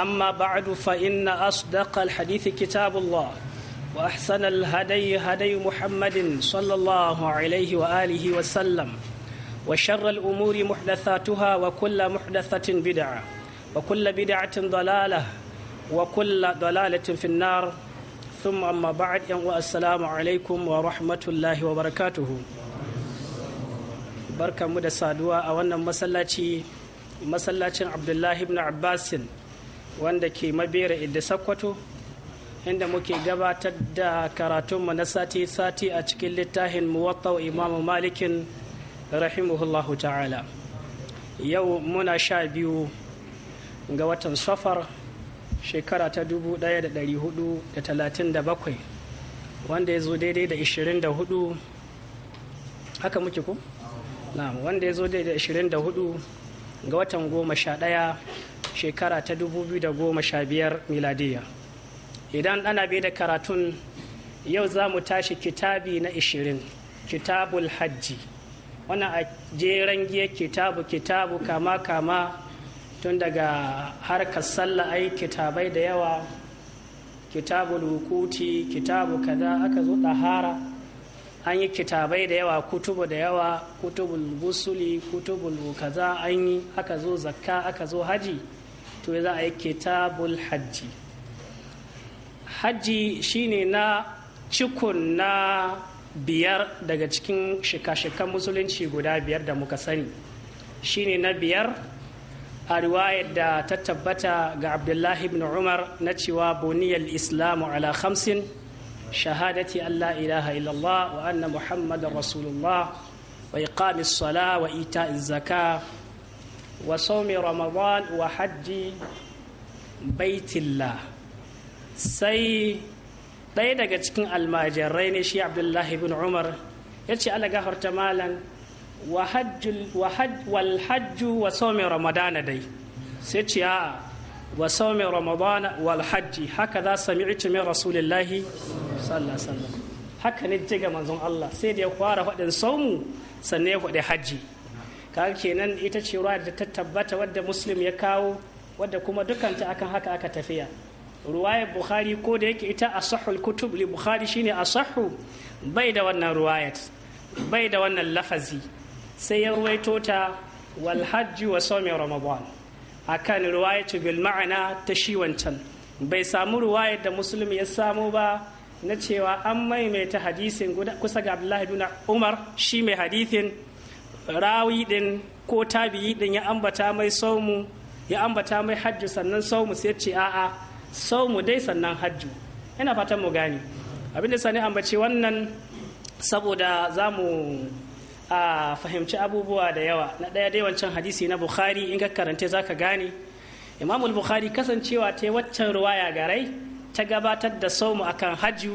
أما بعد فإن أصدق الحديث كتاب الله وأحسن الهدي هدي محمد صلى الله عليه وآله وسلم وشر الأمور محدثاتها وكل محدثة بدعة وكل بدعة ضلالة وكل ضلالة في النار ثم أما بعد السلام عليكم ورحمة الله وبركاته بركة مدى سادوا أولا مسلاتي مسلاتي عبد الله بن عباس wanda ke mabera idda sakkwato inda muke gabatar da karatunmu na sati-sati a cikin littafin muwattau imamu malikin rahimahullahu ta'ala yau muna sha biyu ga watan safar shekara ta 1437 wanda ya zo daidai da 24 haka muke ku? na wanda ya zo daidai da 24 ga watan goma sha ɗaya shekara ta goma sha biyar miladiya idan ana bai da karatun yau za mu tashi kitabi na ishirin kitabul hajji wannan a jeren giya kitabu kitabu kama kama tun daga harkar sallah ai kitabai da yawa kitabul hukuti kitabu kaza aka zo dahara an yi kitabai da yawa kutubu da yawa kutubul gusuli kutubul kaza an yi aka zo zakka aka zo haji to za a yi kitabul hajji hajji shine na cikun na biyar daga cikin shika-shikan musulunci guda biyar da muka sani shine na biyar a riwayar da ta tabbata ga abdullahi ibn umar na cewa buniyar islamu ala khamsin shahadati allah ilaha illallah wa anna muhammadun rasulullah wa iqamis sala wa ita'iz zaka wa saumi ramadan wa hajji baitillah sai ɗaya daga cikin almajirai ne shi abdullahi bin umar ya ce ala gafarta malan wa hajju wa saumi ramadana dai sai ce a wa saumi ramadana wal hajji haka za sami min rasulillahi sallallahu haka ne jiga manzon Allah sai da ya fara faɗin saumu sannan ya faɗi hajji kaga kenan ita ce ruwa da ta tabbata wadda muslim ya kawo wadda kuma dukanta akan haka aka tafiya ruwayar bukhari ko da yake ita a sahul kutub li bukhari shine a asahu bai da wannan ruwayat bai da wannan lafazi sai ya ruwaito ta wal hajji wa sawmi ramadan akan ruwayatu bil ma'ana ta shi wancan bai samu ruwayar da muslim ya samu ba na cewa an maimaita hadisin kusa ga abdullahi bin umar shi mai hadisin rawi din ko tabi'i din ya ambata mai saumu ya ambata mai hajju sannan saumu sai ce a'a saumu dai sannan hajju ina fatan mu gane abin da sani ambaci wannan saboda za mu fahimci abubuwa da yawa na ɗaya dai wancan hadisi na bukhari in ka karanta za ka gane imamul bukhari kasancewa ta waccan ruwaya garai ta gabatar da saumu akan hajji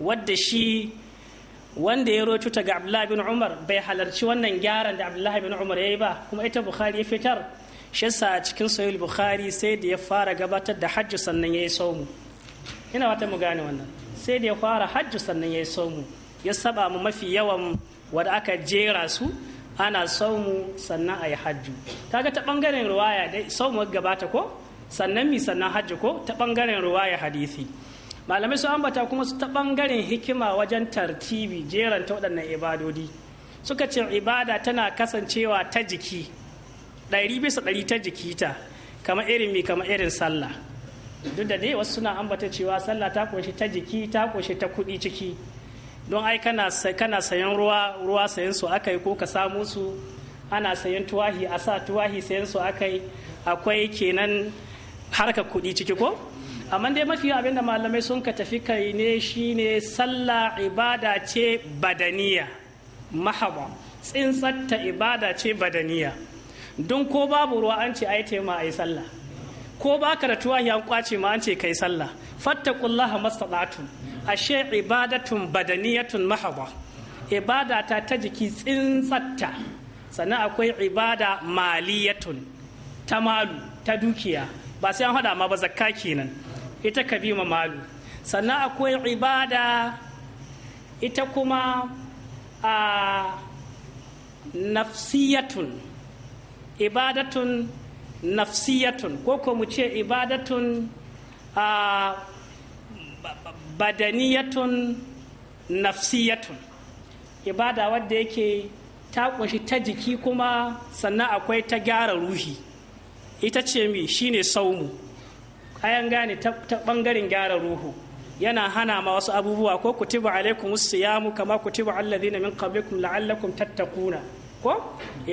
wadda shi wanda ya rotuta ga abdullahi bin umar bai halarci wannan gyaran da abdullahi bin umar ya yi ba kuma ita bukhari ya fitar shi sa a cikin sahih bukhari sai da ya fara gabatar da hajji sannan ya yi saumu ina wata mu gane wannan sai da ya fara hajji sannan ya yi saumu ya saba mu mafi yawan wanda aka jera su ana saumu sannan a yi hajji kaga ta bangaren ruwaya dai saumu gabata ko sannan mi sannan hajji ko ta bangaren ruwaya hadisi malamai sun ambata kuma su ta bangaren hikima wajen tartibi ta waɗannan ibadodi suka ce ibada tana kasancewa ta jiki ɗari bisa ɗari ta jiki ta, kama irin mi kama irin sallah duk da dai wasu suna ambata cewa sallah ta ƙunshi ta jiki ta kunshi ta kuɗi ciki don ai kana kana sayan ruwa ruwa sayan su akai ko ka samu su ana sayan tuwahi a sa tuwahi sayan su akai akwai kenan harka kuɗi ciki ko amma dai mafi abin da malamai sun ka tafi kai ne shine sallah ibada ce badaniya mahaba tsintsatta ibada ce badaniya don ko babu ruwa an ce ai ma ai sallah ko ba ka da tuwa an kwace ma an ce kai sallah fattakullah mastata'tu ashe ibadatun badaniyatun mahaba ibada ta ta jiki tsintsatta sannan akwai ibada maliyatun ta malu ta dukiya ba sai an hada ma ba zakka kenan ita ka bi ma malu sannan akwai ibada ita kuma a nafsiyatun ibadatun nafsiyatun ko ko mu ce ibadatun a badaniyatun nafsiyatun ibada wadda yake ta kunshi ta jiki kuma sannan akwai ta gyara ruhi ita ce mi shine saumu kayan gane ta bangaren gyara ruhu yana hana ma wasu abubuwa ko kutiba alaikum siyamu kama kutiba alladhina min qablikum la'allakum tattaquna ko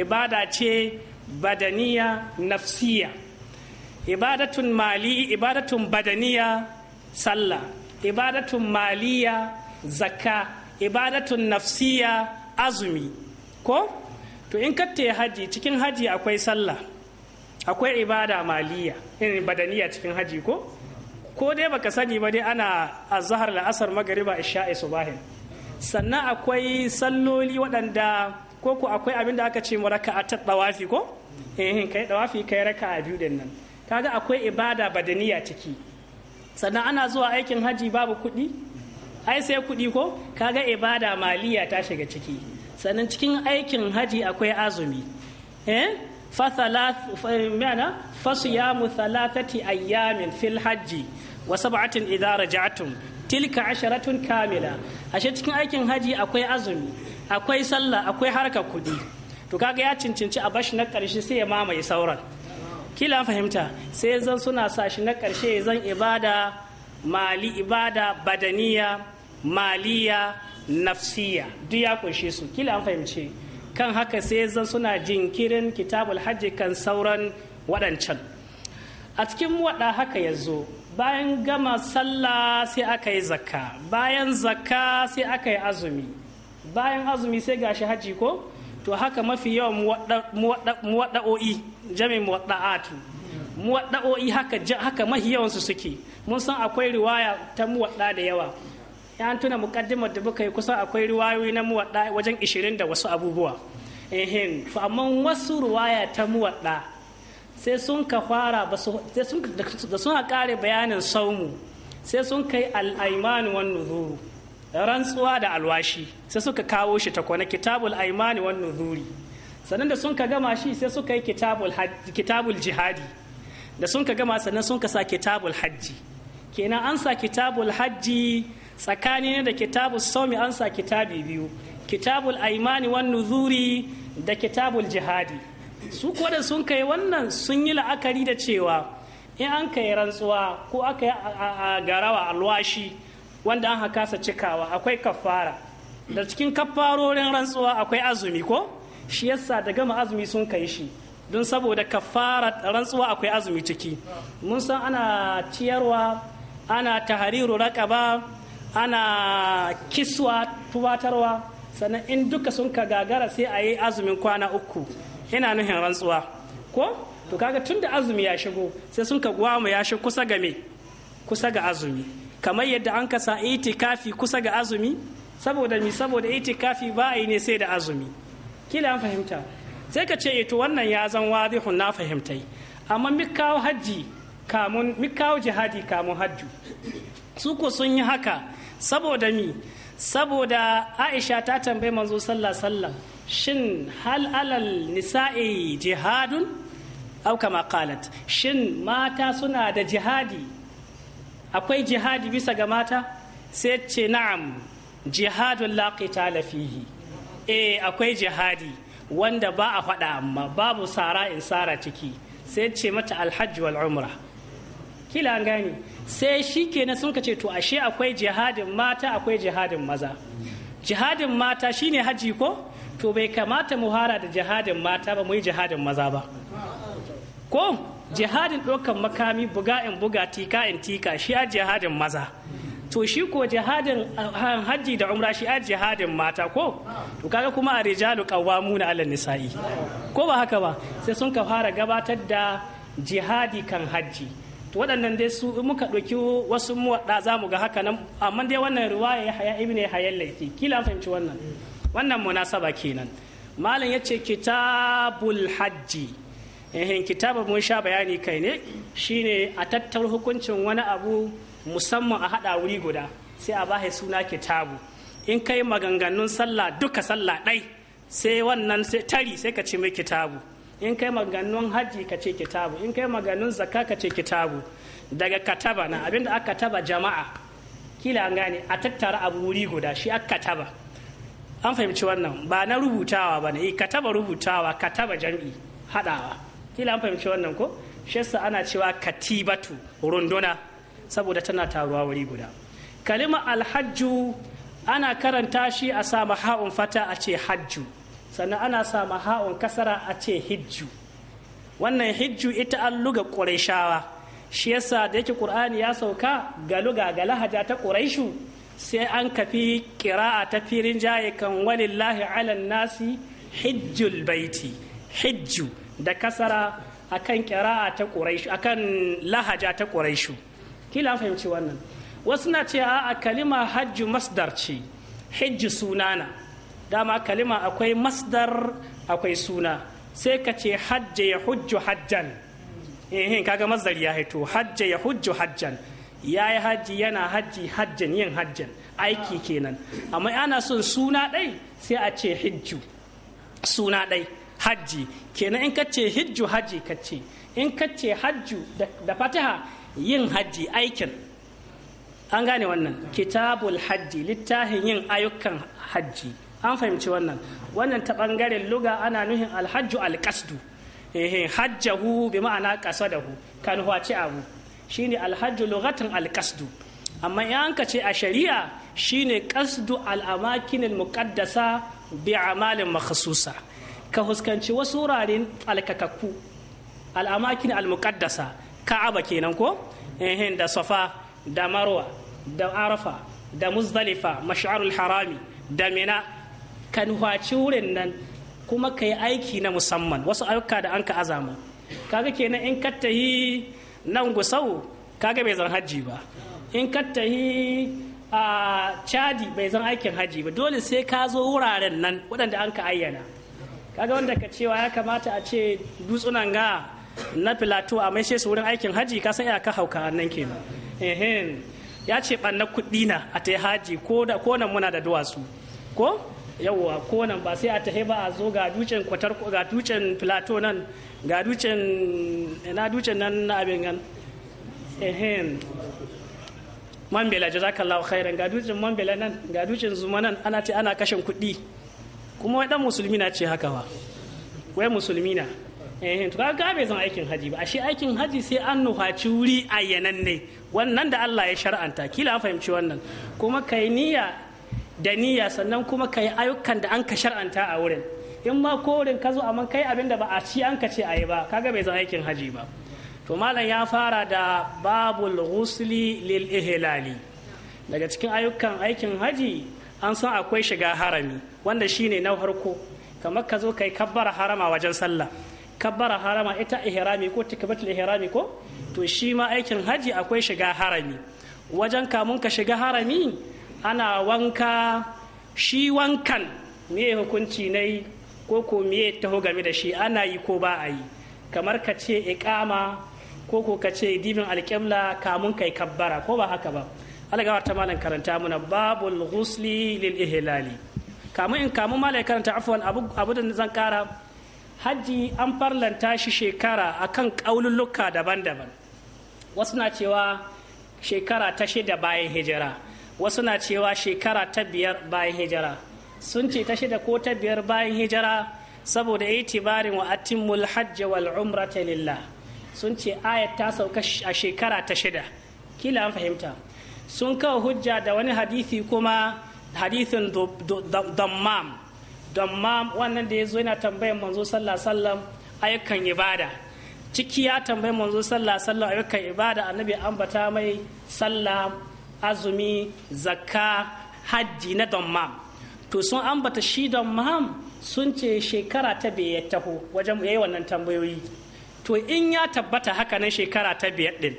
ibada ce badaniya nafsiya ibadatun mali ibadatun badaniya sallah ibadatun maliya zakka ibadatun nafsiya azumi ko to in katte haji cikin haji akwai sallah akwai ibada maliya irin badaniya cikin haji ko ko dai baka sani ba dai ana azhar la'asar magriba isha'i subahin sannan akwai salloli waɗanda ko ku akwai abin da aka ce mu raka ta dawafi ko eh kai dawafi kai raka'a biyu din nan kaga akwai ibada badaniya ciki sannan ana zuwa aikin haji babu kuɗi ai sai kuɗi ko kaga ibada maliya ta shiga ciki sannan cikin aikin haji akwai azumi eh Eh, thalathati ayyamin fil hajji wa sab'atin idza raja'tum tilka asharatun kamila ashe cikin aikin haji akwai azumi akwai sallah akwai harka kudi to kaga ya cincinci a bashi na karshe sai ya mamaye sauran kila fahimta sai zan suna sa shi na karshe zan ibada mali ibada badaniya maliya nafsiya duk ya kunshe su kila an fahimce kan haka sai zan suna jinkirin kitabul hajji kan sauran waɗancan a cikin waɗa haka ya zo bayan gama sallah sai aka yi zakka bayan zakka sai aka yi azumi bayan azumi sai gashi hajji ko to haka mafi yawan muwaɗa'o'i jami'in muwaɗa'atu muwaɗa'o'i haka mafi yawansu suke mun san akwai riwaya ta muwaɗa da yawa ya tuna mukaddimar da muka yi kusa akwai riwayoyi na muwadda wajen 20 da wasu abubuwa ehin to amma wasu ruwaya ta muwadda sai sun ka fara sai sun da suna kare bayanin saumu sai sun kai al-aymanu wan nuzuru rantsuwa da alwashi sai suka kawo shi takwana kitabul aymani wan nuzuri sannan da sun ka gama shi sai suka yi kitabul kitabul jihadi da sun ka gama sannan sun ka sa kitabul hajji kenan an sa kitabul hajji tsakani ne da kitabu saumi an sa kitabi biyu kitabul aimani wan nuzuri da kitabul jihadi su kuwa da sun kai wannan sun yi la'akari da cewa in an kai rantsuwa ko aka yi a garawa alwashi wanda an hakasa cikawa akwai kafara da cikin kafarorin rantsuwa akwai azumi ko shi yasa da gama azumi sun kai shi don saboda kafara rantsuwa akwai azumi ciki mun san ana ciyarwa ana tahariru raƙaba ana kiswa tubatarwa sannan in duka sun ka gagara sai a yi azumin kwana uku ina nuhin rantsuwa ko to kaga tun da azumi ya shigo sai sun ka gwamu ya shi kusa ga me kusa ga azumi kamar yadda an ka sa itikafi kusa ga azumi saboda mi saboda itikafi ba a yi ne sai da azumi kila an fahimta sai ka ce eh, to wannan ya zan wadihun na fahimtai amma mikawo jihadi kamun hajju su ko sun yi haka saboda mi saboda aisha ta tambayi manzo sallah sallam shin hal alal nisa'i jihadun au kama qalat shin mata suna da jihadi akwai jihadi bisa ga mata sai ce na'am jihadun la qitala fihi eh akwai jihadi wanda ba a faɗa amma babu sara in sara ciki sai ce mata alhajj wal umra kila gani sai shi ke na suka ce to ashe akwai jihadin mata akwai jihadin maza jihadin mata shine haji ko to bai kamata mu hara da jihadin mata ba mu yi jihadin maza ba ko jihadin ɗaukan makami buga in buga tika in tika shi a jihadin maza to shi ko jihadin haji da umra shi a jihadin mata ko to kaga kuma a rijalu qawwamuna ala nisa'i ko ba haka ba sai sun ka fara gabatar da jihadi kan haji. to waɗannan dai su in muka ɗauki wasu muwaɗa za mu ga haka nan amma dai wannan riwaya ya haya ibn hayan laifi kila an fahimci wannan wannan munasaba kenan malam ya ce kitabul hajji ehin kitabul mun sha bayani kai ne shine a tattar hukuncin wani abu musamman a haɗa wuri guda sai a bahe suna kitabu in kai maganganun sallah duka sallah ɗai sai wannan sai tari sai ka ce mai kitabu in kai maganin haji ka ce kitabu in kai maganin zakka ka ce kitabu daga kataba na abinda aka taba jama'a kila an gane a tattara abu wuri guda shi aka kataba an fahimci wannan ba na rubutawa ba ne eh, kataba rubutawa kataba jam'i hadawa kila an fahimci wannan ko shi ana cewa katibatu runduna saboda tana taruwa wuri guda kalima alhajju ana karanta shi a sama ha'un fata a ce hajju sannan ana sa maha'un kasara a ce hijju wannan hijju ita an luga ƙurashawa shi yasa da yake ƙur'ani ya sauka ga luga ga lahaja ta ƙurashu sai an kafi ƙira'a ta firin jaye kan walillahi alan nasi hijjul baiti hijju da kasara akan ƙira'a ta akan lahaja ta ƙurashu kila fahimci wannan wasu na ce a kalima hajju masdar ce hijju sunana dama kalima akwai masdar akwai suna sai ka ce hajja ya hujju hajjan ehin eh, kaga masdar ya haito hajja ya hujju hajjan ya yi hajji yana hajji hajjan yin hajjan aiki kenan amma ana son suna ɗai sai a ce hijju suna ɗai hajji kenan in ka ce hijju hajji ka ce in ka ce hajju da fataha yin hajji aikin an gane wannan kitabul hajji littafin yin ayyukan hajji an fahimci wannan wannan ta bangaren luga ana nuhin alhajju alqasdu eh hajjahu bi ma'ana hu kan huwaci abu shine alhajju lugatan Alkasdu, amma in ka ce a shari'a shine ƙasdu Al'amakinin Muƙaddasa bi amalin makhsusa ka huskanci wasu wuraren alkakakku al'amakin almuqaddasa ka'aba kenan ko eh da safa da marwa da arafa da muzdalifa mash'arul harami da mina ka nuhaci wurin nan kuma ka yi aiki na musamman wasu ayyuka da an ka azama kaga kenan in ka yi nan gusau kaga bai zan hajji ba in ka tahi a chadi bai zan aikin hajji ba dole sai ka zo wuraren nan waɗanda an ka ayyana kaga wanda ka cewa ya kamata a ce dutsunan ga na filato a mai su wurin aikin hajji ka san ka hauka nan kenan yace ya ce ɓanna kuɗi na a ta haji ko nan muna da duwatsu ko yawwa ko nan ba sai a tahe ba a zo ga ducen kwatar ga ducen plateau nan ga ducen na ducen nan na abin gan ehem man bela jazakallahu khairan ga ducen man bela nan ga ducen zuma nan ana ce ana kashin kuɗi kuma wai dan musulmi na ce haka ba wai musulmi na eh to ga bai zan aikin haji ba ashe aikin haji sai an ci wuri a ne wannan da Allah ya shar'anta kila an fahimci wannan kuma kai niyya da niyya sannan kuma ka yi ayyukan da an ka shar'anta a wurin in ma ko wurin ka zo amma kai abin da ba a ci an ka ce a yi ba kaga bai zan aikin haji ba to malam ya fara da babul ghusli lil ihlali daga cikin ayyukan aikin haji an san akwai shiga harami wanda shine na farko kamar ka zo kai kabbara harama wajen sallah kabbara harama ita ihrami ko tikbatul ihrami ko to shi ma aikin haji akwai shiga harami wajen kamun ka shiga harami ana wanka shi wankan me hukunci yi ko ko me taho game da shi ana yi ko ba a yi kamar ka ce ikama ko ko ka ce dibin alƙibla kamun kai kabbara ko ba haka ba algawar ta malam karanta muna babul ghusli lil ihlali kamun in kamun malam karanta afwan abu da zan kara hajji an farlanta shi shekara akan kaululluka daban-daban wasu na cewa shekara ta shida bayan hijira wasu na cewa shekara ta biyar bayan hijira sun ce ta shida ko ta biyar bayan hijira saboda itibarin wa atimul hajj wal ta lillah sun ce ayat ta sauka a shekara ta shida kila an fahimta sun kawo hujja da wani hadithi kuma hadithin dammam dammam wannan da ya zo yana tambayan manzo sallah sallam ayyukan ibada ciki ya tambayi manzo sallah sallam ayyukan ibada annabi ambata mai sallah azumi zakka hajji na dammam to sun ambata shi dammam sun ce shekara ta biyar taho wajen yayi wannan tambayoyi to in ya tabbata haka nan shekara ta biyar din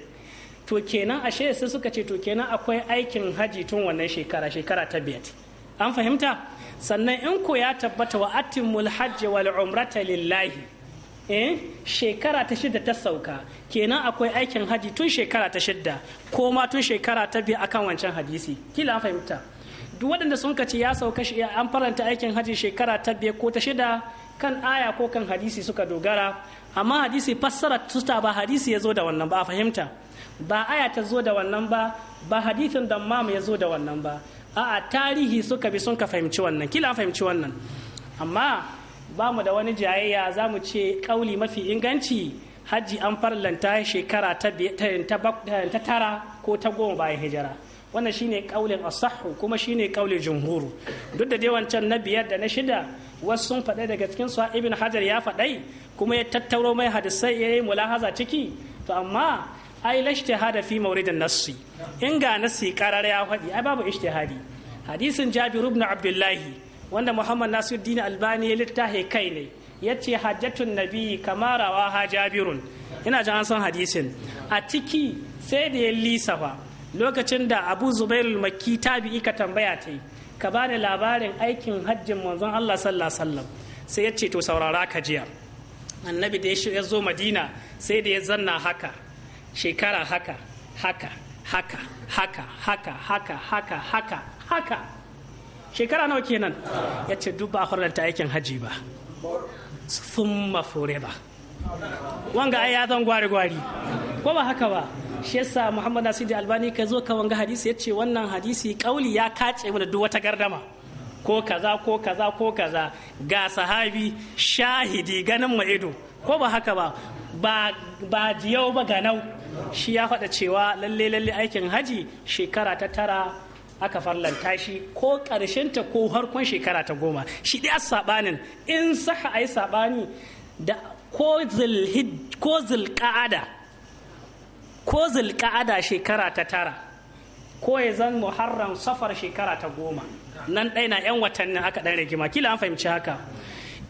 to kenan ashe sai suka ce to kenan akwai aikin haji tun wannan shekara shekara ta biyar an fahimta sannan in ko ya tabbata wa atimul hajji wal umrata lillahi eh shekara ta shidda ta sauka kenan akwai aikin haji tun shekara ta shidda ko ma tun shekara ta biyu akan wancan hadisi kila an fahimta duk waɗanda sun kace ya sauka shi an faranta aikin haji shekara ta biyu ko ta shida kan aya ko kan hadisi suka dogara amma hadisi fassara tuta ba hadisi ya zo da wannan ba a fahimta ba aya ta zo da wannan ba ba hadisin da mamu ya zo da wannan ba a'a tarihi suka bi sun ka fahimci wannan kila an fahimci wannan amma ba mu da wani jayayya za mu ce kauli mafi inganci hajji an farlanta shekara ta tara ko ta goma bayan hijira wannan shine kaulin asahu kuma shine kaulin jumhuru duk da wancan na biyar da na shida wasu sun faɗa daga cikin su ibn hajar ya faɗai kuma ya tattauro mai hadisai ya yi mulahaza ciki to amma ai hada fi mauridin nassi in ga nassi karar ya faɗi ai babu ishtihadi hadisin jabiru ibn abdullahi wanda muhammad nasiruddin albani ya littafi kai ne ya ce hajjatun nabi ka marawa ha jabirun ina ji an san hadisin a ciki sai da ya lisafa lokacin da abu zubairul makki tabi'i ka tambaya ta yi ka ba ni labarin aikin hajjin manzon allah sallallahu sallam sai ya ce to saurara ka jiya annabi da ya zo madina sai da ya zanna haka shekara haka haka haka haka haka haka haka haka haka shekara nawa kenan ya ce duk ba a ta aikin haji ba sun mafure ba wanga ai ya zan gwari-gwari ko ba haka ba shi yasa muhammad nasir albani ka zo ka wanga hadisi ya ce wannan hadisi kauli ya kace mana duk wata gardama ko kaza ko kaza ko kaza ga sahabi shahidi ganin mu ido ko ba haka ba ba ba jiyau ba ganau shi ya faɗa cewa lalle lalle aikin haji shekara ta tara aka farlanta shi ko ta ko harkon shekara ta goma shi dai sabanin in saka ayi sabani da ko zilhid ko shekara ta tara ko ya zan muharram safar shekara ta goma nan ɗaya na yan watannin aka ɗan rigima kila an fahimci haka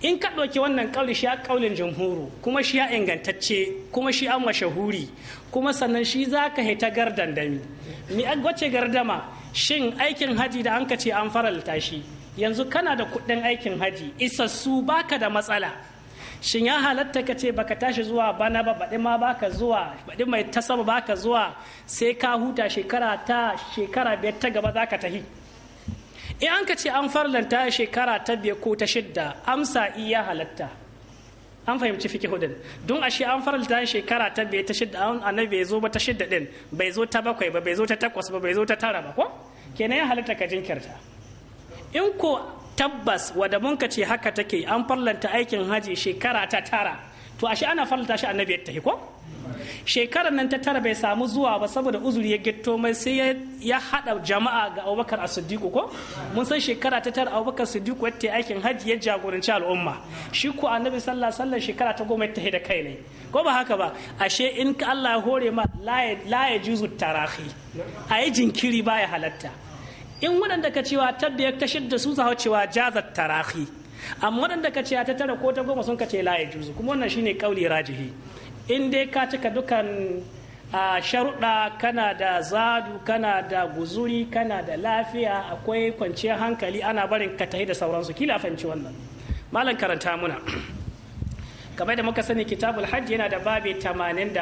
in ka ɗauki wannan ƙauli shi ya ƙaulin jamhuru kuma shi ya ingantacce kuma shi an mashahuri kuma sannan shi za ka hita gardandami mi agwace gardama shin aikin haji da an ka ce an faralta shi yanzu kana da kuɗin aikin haji isassu baka da matsala shin ya halatta ka ce baka tashi zuwa bana ba baɗi ma baka zuwa baɗi mai tasaba baka zuwa sai ka huta shekara ta shekara biyar ta gaba zaka tahi in an ka ce an farlanta shekara ta biyar ko ta shidda amsa iya halatta an fahimci fikihu hudun don ashe an faralta shekara ta bai ta shidda annabi bai zo ba ta shidda din bai zo ta bakwai ba bai zo ta takwas ba bai zo ta tara ba ko kenan ya halitta ka jinkirta in ko tabbas wadda mun ka ce haka take an farlanta aikin haji shekara ta tara to ashe ana farlanta shi annabi ya tafi ko shekarar nan ta tara bai samu zuwa ba saboda uzuri ya gitto mai sai ya hada jama'a ga abubakar a siddiqu ko mun san shekara ta tara abubakar siddiqu wata aikin hajji ya jagoranci al'umma shi ko annabi sallallahu alaihi wasallam shekara ta goma ta da kai ne ko ba haka ba ashe in Allah ya hore ma la ya juzu tarahi yi jinkiri baya halatta in waɗanda ka cewa tadda ya tashar da su zaho cewa jazat tarahi amma waɗanda ka cewa ta tara ko ta goma sun ka ce la ya juzu kuma wannan shine kauli rajihi in dai ka cika dukan a sharuɗa kana da zadu kana da guzuri kana da lafiya akwai kwanciyar hankali ana barin ka tahi da sauransu kila fahimci wannan malam karanta muna kamar da muka sani kitabul hajji yana da babi 83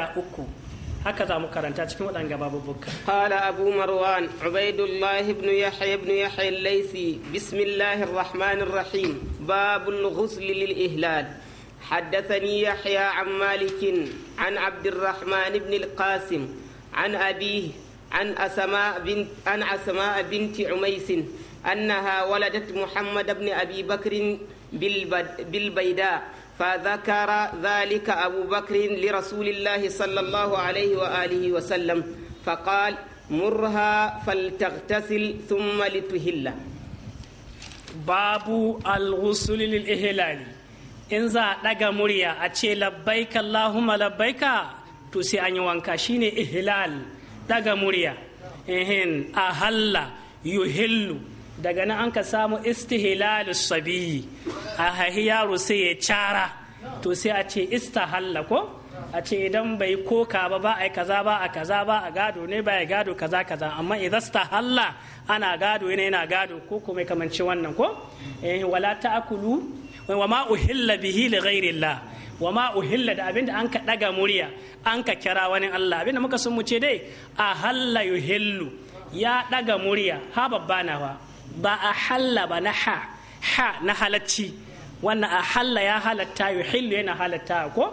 haka za mu karanta cikin waɗanga babubuka. Kala Abu Marwan, Ubaidullah ibn Yahya ibn Yahya al-Laisi, Bismillahir Rahmanir Rahim, babul ghusl lil ihlal. حدثني يحيى عن مالك عن عبد الرحمن بن القاسم عن أبيه عن أسماء بنت عن أسماء بنت عميس أنها ولدت محمد بن أبي بكر بالبيداء فذكر ذلك أبو بكر لرسول الله صلى الله عليه وآله وسلم فقال مرها فلتغتسل ثم لتهل باب الغسل للإهلال in za a ɗaga murya a ce labbaika Allahumma labbaika to sai an yi wanka shine ihlal ɗaga murya ehin halla yuhillu daga nan an ka samu Istihlal sabiyi a haihi yaro sai ya cara to sai a ce istahalla ko a ce idan bai koka ba ba a kaza ba a kaza ba a gado ne ba ya gado kaza kaza amma idan stahalla ana gado yana gado ko kuma kamanci wannan ko wala ta'kulu wa ma uhilla bihi li Allah wa ma uhilla da abinda an ka daga murya an ka kira wani Allah abinda muka sun mu dai a halla yuhillu ya daga murya ha babbana ba ba a halla ba na ha ha na halacci wannan a halla ya halatta yuhillu yana halatta ko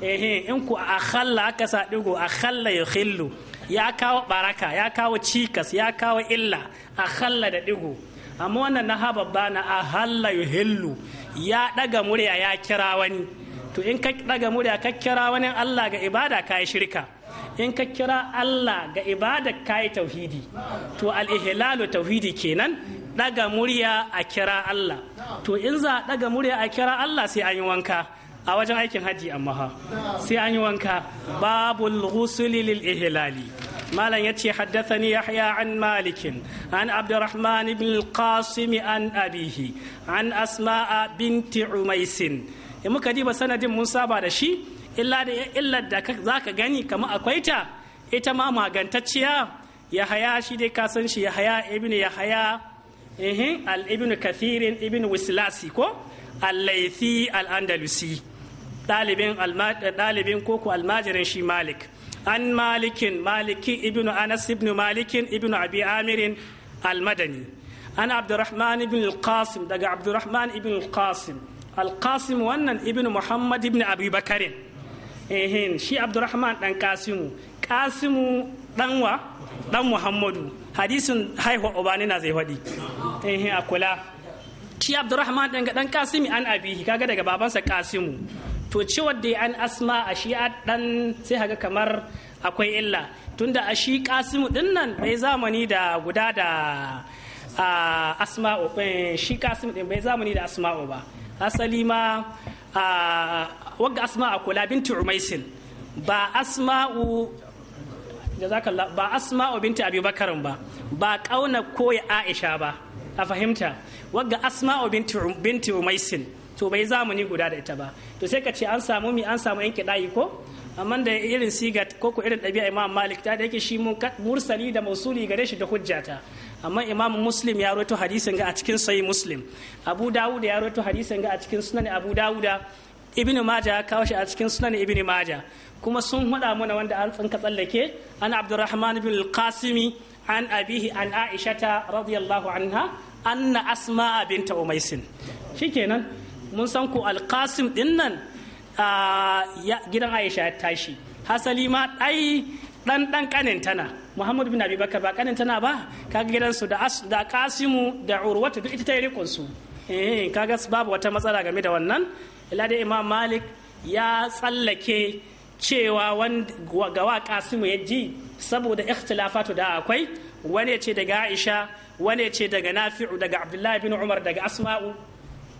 eh in ku a halla aka sa digo a halla yuhillu ya kawo baraka ya kawo cikas ya kawo illa a halla da digo amma wannan na ha babbana a halla yuhillu ya ɗaga murya ya kira wani to in ka ɗaga murya ka kira wani Allah ga ibada ka yi shirka in ka kira Allah ga ibada ka yi tauhidi to al-ihlalu tauhidi kenan ɗaga murya a kira Allah to in za a ɗaga murya a kira Allah sai an yi wanka a wajen aikin hajji amma sai an yi wanka babul ghusli lil ihlali malam ya ce haddathani yahya an malikin an abdurrahman ibn al-qasim an abihi an asma'a binti umaisin in muka diba sanadin mun saba da shi illa da illar da zaka gani kamar akwai ta ita ma magantacciya yahya shi dai ka san shi yahaya ibn yahaya ehin al ibn kathirin ibn wislasi ko al-laithi al-andalusi ɗalibin koko almajirin shi malik an malikin maliki Ibnu anas Ibnu malikin Ibnu abi amirin almadani an abdurrahman ibn alqasim daga abdurrahman ibn alqasim alqasim wannan ibn muhammad ibn abi bakarin ehin shi abdurrahman dan kasimu kasimu danwa dan muhammadu hadisin haihuwa obani na zai faɗi ehin kula, shi abdurrahman dan dan kasimi an abihi kaga daga babansa kasimu to ci wadda an asma a shi a dan sai haga kamar akwai illa tunda a shi kasimu din nan bai zamani da guda da asma'u eh, shi kasimu din bai zamani da asma'u ba asali ma wagga asma'u kula binti umaisin ba asma'u ba asma'u binti abubakar ba ba kauna koya aisha ba a fahimta wagga asma'u binti umaisin to bai zamani guda da ita ba to sai ka ce an samu mi an samu yanke kiɗayi ko amma da irin siga ko ko irin ɗabi'a imam malik ta da yake shi mun mursali da mausuli gare shi da hujjata amma imam muslim ya rawaito hadisin ga a cikin sahih muslim abu dawud ya rawaito hadisin ga a cikin sunan abu Dawud ibn majah ya kawo a cikin sunan ibn majah kuma sun hada mana wanda an tsanka tsallake an abdurrahman bin an abihi an aishata radiyallahu anha anna asma binta umaysin shikenan mun san ku alkasim din nan gidan aisha ya tashi hasali ma ɗai ɗan ɗan ƙanin tana muhammad bin abi bakar ba ƙanin tana ba kaga gidansu da da kasimu da urwatu duk ita ta yi su eh, kaga kaga babu wata matsala game da wannan Ladi imam malik ya tsallake cewa ga wa kasimu ya ji saboda ikhtilafatu da akwai wani ce daga aisha wani ce daga nafi'u daga abdullahi bin umar daga asma'u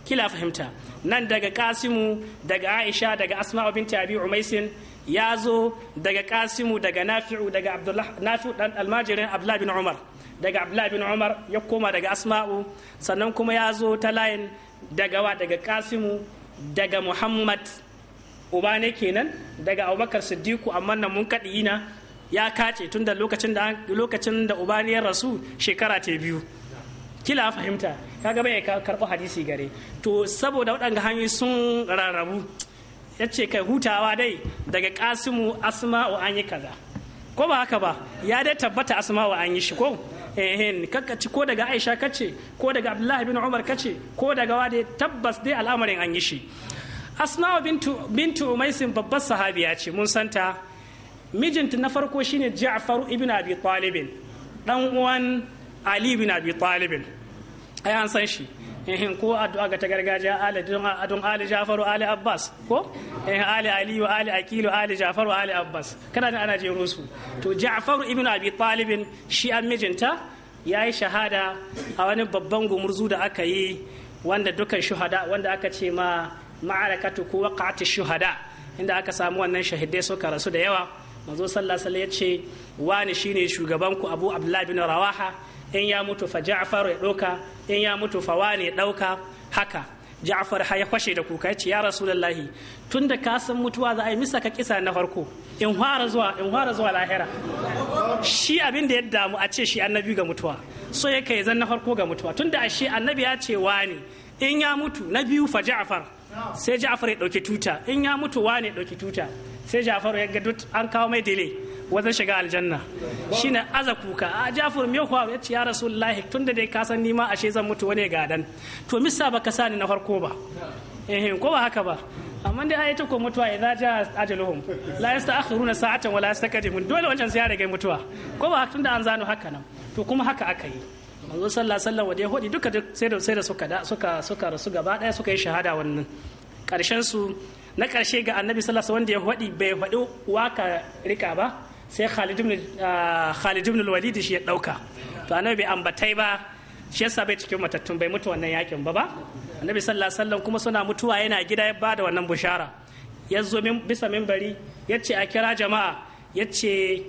kila fahimta nan daga kasimu daga aisha daga asma'u binti abi umaisin ya zo daga kasimu daga nafi'u daga abdullah nafi'u dan almajirin abdullah bin umar daga abdullah bin umar ya koma daga asma'u sannan kuma ya zo ta layin daga wa daga kasimu daga muhammad uba ne kenan daga abubakar siddiku amma nan mun kaɗi na ya kace tun da lokacin da lokacin da uba ne ya rasu shekara ta biyu kila fahimta kaga bai karɓo hadisi gare to saboda waɗanga hanyoyi sun rarrabu ya ce kai hutawa dai daga kasimu asma'u an yi kaza ko ba haka ba ya dai tabbata asma'u an yi shi ko ehen kakkaci ko daga aisha kace ko daga abdullahi bin umar kace ko daga dai tabbas dai al'amarin an yi shi asma'u bintu bintu umaisin babbar sahabiya ce mun santa mijinta na farko shine ja'far ibn abi talib dan uwan ali bin abi talibin ai an san shi eh ko addu'a ga ta gargajiya ali don ali jafaru ali abbas ko eh ali aliyu ali akilu ali jafaru ali abbas kana da ana jero su to jafaru ibn abi talibin shi an mijinta ya yi shahada a wani babban gumurzu da aka yi wanda dukan shuhada wanda aka ce ma ma'arakatu ko waqati shuhada inda aka samu wannan shahidai suka rasu da yawa manzo sallallahu alaihi wasallam ya ce wani shine shugaban ku abu abdullahi bin rawaha in ya mutu fa ja'far ya ɗauka in ya mutu fa wani ya ɗauka haka ja'far ya kwashe da kuka ce ya rasulullahi tun da ka san mutuwa za a yi misa ka kisa na farko in fara zuwa in fara zuwa lahira shi abin da ya damu a ce shi annabi ga mutuwa so ya kai zan na farko ga mutuwa tun da ashe annabi ya ce wani in ya mutu na biyu fa ja'far sai ja'far ya ɗauki tuta in ya mutu wani ya ɗauki tuta sai ja'far ya ga duk an kawo mai delay wajen shiga aljanna shi shine aza kuka a jafur me ya yace ya rasulullahi tunda dai ka san ni ma ashe zan mutu wani gadan to missa baka sani na farko ba eh ko ba haka ba amma dai ayata ko mutuwa idza ja ajaluhum la yasta'khiruna sa'atan wala yastaqdimun dole wancan sai ya rage mutuwa ko ba tunda an zano haka nan to kuma haka aka yi manzo sallallahu alaihi wasallam ya hodi duka sai da sai da suka suka rasu gaba daya suka yi shahada wannan karshen su na karshe ga annabi sallallahu alaihi wasallam wanda ya hodi bai hodi waka rika ba sai Khalid ibn ah, Walid shi ya dauka to annabi bai ambatai ba shi yasa bai cikin matattun bai mutu wannan yakin ba ba annabi sallallahu alaihi kuma suna mutuwa yana gida ya bada wannan bushara ya zo bisa minbari ya ce a kira jama'a ya ce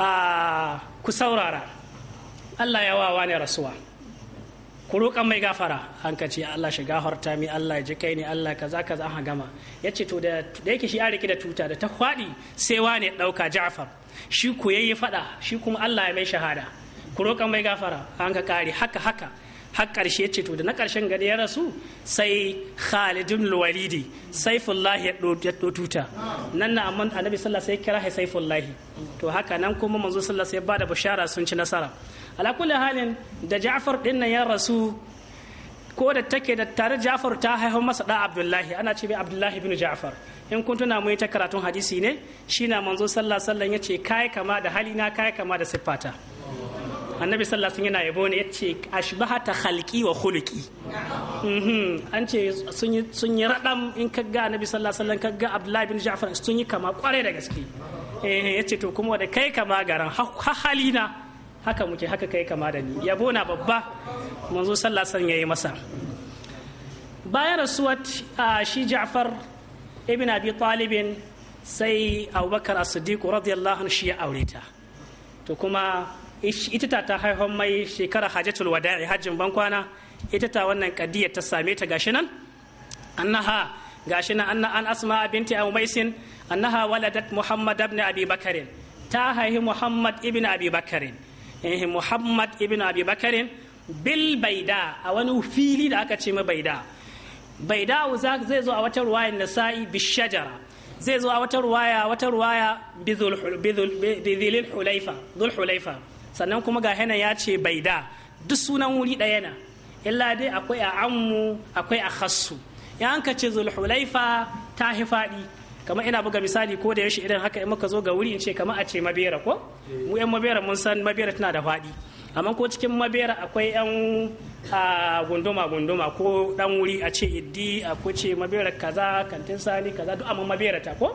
ah, ku saurara Allah ya wawa ne rasuwa ku mai gafara hanka ce Allah shi gafarta mi Allah ji kai ne Allah kaza kaza an gama ya ce to da yake shi a rike da tuta da ta faɗi sai wane ɗauka Ja'far shi ya yayi faɗa shi kuma Allah ya mai shahada ku mai gafara hanka ƙari haka haka har ƙarshe ce to da na ƙarshen gari ya rasu sai khalidun walidi saifullahi ya tuta nan na amma annabi sallallahu sai kira hai saifullahi to haka nan kuma manzo sallallahu sai bada bashara sun ci nasara ala halin da ja'far din nan ya rasu ko da take da tare ja'far ta haihu masa da abdullahi ana ce mai abdullahi bin ja'far in kun tuna mu ta karatun hadisi ne shi na manzo sallallahu alaihi wasallam ya ce kai kama da halina kai kama da siffata annabi sallallahu alaihi yana yabo ne yace ashbahata khalqi wa khuluqi mhm. an ce sun yi radam in ka ga annabi sallallahu alaihi wasallam kaga abdullahi bin ja'far sun yi kama kware da gaske eh yace to kuma da kai kama garan halina haka muke haka kai kama da ni yabo na babba manzo sallallahu alaihi wasallam yayi masa bayan rasuwat shi ja'far ibn abi talib sai abubakar as-siddiq radiyallahu anhu shi ya aure ta to kuma ita ta haihu mai shekara hajjatul wada'i hajjin bankwana ita ta wannan kadiyar ta same ta gashi nan annaha gashi nan anna an asma binti annaha waladat muhammad ibn abi bakarin ta haihi muhammad ibn abi bakarin eh muhammad ibn abi bakarin bil baida a wani fili da aka ce ma baida baida zai zo a wata ruwayar nasa'i bishajara zai zo a wata ruwaya wata ruwaya bizul hulaifa sannan kuma ga hena ya ce bai da duk sunan wuri ɗaya na illa dai akwai a ammu akwai a hasu ya an kace ce zulhulaifa ta hi faɗi kamar ina buga misali ko da yaushe idan haka in muka zo ga wuri in ce kamar a ce mabera ko mu yan mabera mun san mabera tana da faɗi amma ko cikin mabera akwai yan gunduma gunduma ko dan wuri a ce iddi a ko ce mabera kaza kantin sani kaza duk amma mabera ta ko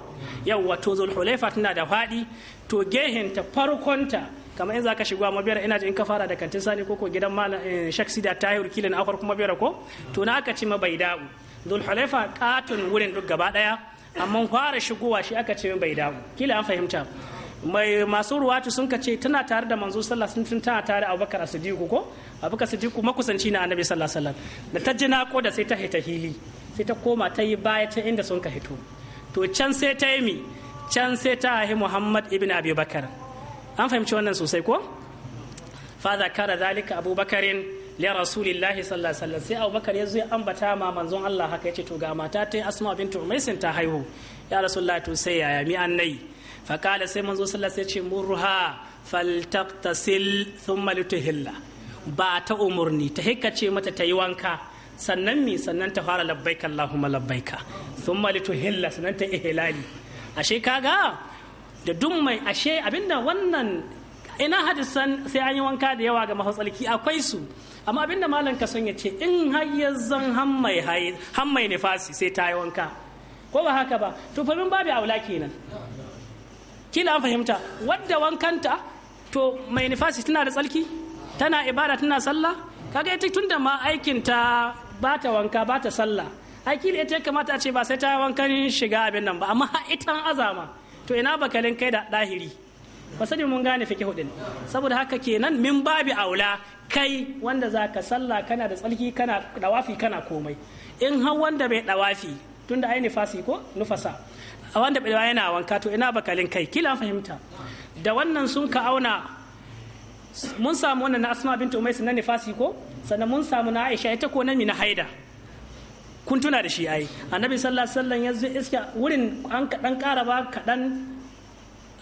yau wato zulhulaifa tana da faɗi to gehen ta farkonta kamar in za ka shigo a ina ji in ka fara da kantin sani ko gidan malam eh, shaksi da tahiru na akwar kuma biyar ko to na aka ci mabaida'u halifa katon wurin duk gaba daya amma fara shigowa shi aka ce da'u kila an fahimta mai masu ruwatu sun ka ce tana tare da manzo sallah sun tun tana tare abubakar asidiku ko abubakar asidiku makusanci na annabi alaihi wasallam da ta jina nako da sai ta hita hili sai ta koma ta yi baya ta inda sun ka hito to can sai ta yi mi can sai ta haihi muhammad ibn abubakar an fahimci wannan sosai ko fa zakara zalika abubakarin li rasulillahi sallallahu alaihi wasallam sai abubakar ya zo ya ambata ma manzon Allah haka yace to ga mata ta asma bintu umaisin ta haihu ya rasulullahi to sai yaya mi annai fa kala sai manzo sallallahu alaihi wasallam ya ce murha faltaqtasil thumma lituhilla ba ta umurni ta hikace mata ta yi wanka sannan mi sannan ta fara labbaika allahumma labbaika thumma lituhilla sannan ta ihlali ashe kaga da duk mai ashe abinda wannan ina hadisan sai an yi wanka da yawa ga mafatsalki akwai su amma abinda malam ka son ya ce in har zan hammai hammai nifasi sai ta yi wanka ko ba haka ba to famin babu aula kenan kila an fahimta wadda wankanta to mai nifasi tana da tsalki tana ibada tana sallah kaga ita tunda ma aikin ta ba ta wanka ba ta sallah aikin ita ya kamata a ce ba sai ta yi wankan shiga abin nan ba amma ita an azama to ina bakalin kai da ɗahiri ba sani mun gane fiqh huɗin. saboda haka kenan min babi aula kai wanda za ka salla, kana da tsalki kana dawafi kana komai in har wanda bai dawafi tunda ai nifasi ko nufasa a wanda bai yana wanka to ina bakalin kai kila fahimta da wannan sun ka auna mun samu wannan na asma bintu umais na nifasi ko sannan mun samu na aisha ita ko na mina haida kun tuna da shi ai annabi sallallahu alaihi wasallam yanzu iska wurin an kadan kara ba kadan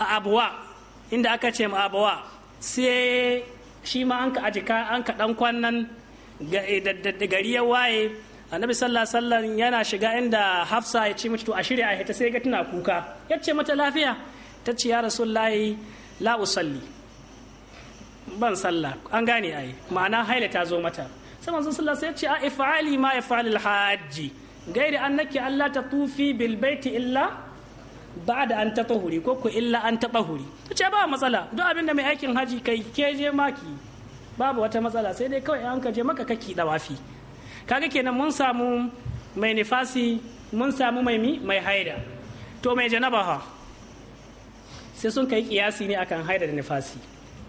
a abuwa inda aka ce ma abuwa sai shi ma an ka ajika an kadan kwannan eh, da gari ya waye annabi sallallahu alaihi wasallam yana shiga inda hafsa ya ce mata to a shirya a ta sai ga tana kuka ya ce mata lafiya ta ce ya rasulullahi la usalli ban sallah an gane ai ma'ana haila ta zo mata sai manzon sallallahu alaihi ce a ifali ma ifalil hajji gairi annaki Allah ta tufi bil baiti illa ba da an taɓa huri ko ku illa an taɓa huri ta ce ba matsala duk abin da mai aikin haji kai ke je maki babu wata matsala sai dai kawai an ka je maka kaki dawafi kaga kenan mun samu mai nifasi mun samu mai mi mai haida to mai janaba ha sai sun kai kiyasi ne akan haida da nifasi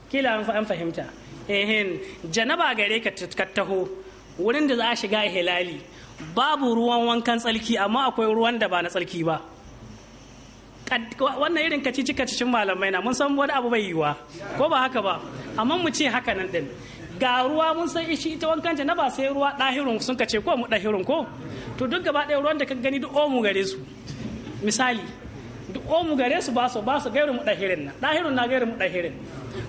kila an fahimta ehin janaba gare ka taho wurin da za a shiga hilali babu ruwan wankan tsalki amma akwai ruwan da ba na tsalki ba wannan irin kacici kacicin malamai na mun san wani abu bai yiwa ko ba haka ba amma mu ce haka nan din ga ruwa mun san ishi ita wankan ba sai ruwa ɗahirun sun kace ko mu ɗahirun ko to duk gaba ɗaya ruwan da ka gani duk omu gare su misali duk mu gare su ba su ba su gairu mu dahirin na dahirin na gairu mu dahirin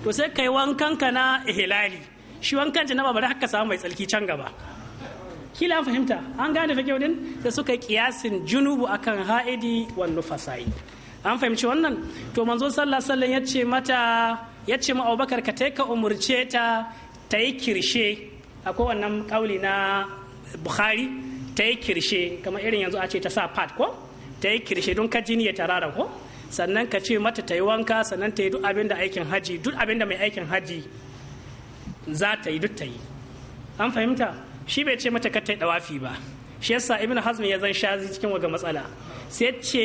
to sai kai wankan ka na ihlali shi wankan janaba da haka samu mai tsalki can gaba kila fahimta an gane fake din da suka kiyasin junubu akan ha'idi wan nufasai an fahimci wannan to manzo sallah sallan ya ce mata ya ce ma abubakar ka ta ka umurce ta ta yi kirshe akwai wannan kauli na bukhari ta yi kirshe kamar irin yanzu a ce ta sa pad ko ta yi kirshe don ka jini ya tarara ko sannan ka ce mata ta yi wanka sannan ta yi duk abin da aikin haji duk abin da mai aikin haji za ta yi duk ta yi an fahimta shi bai ce mata ka ta yi dawafi ba shi yasa ibn hazmi ya zan shazi cikin waga matsala sai ce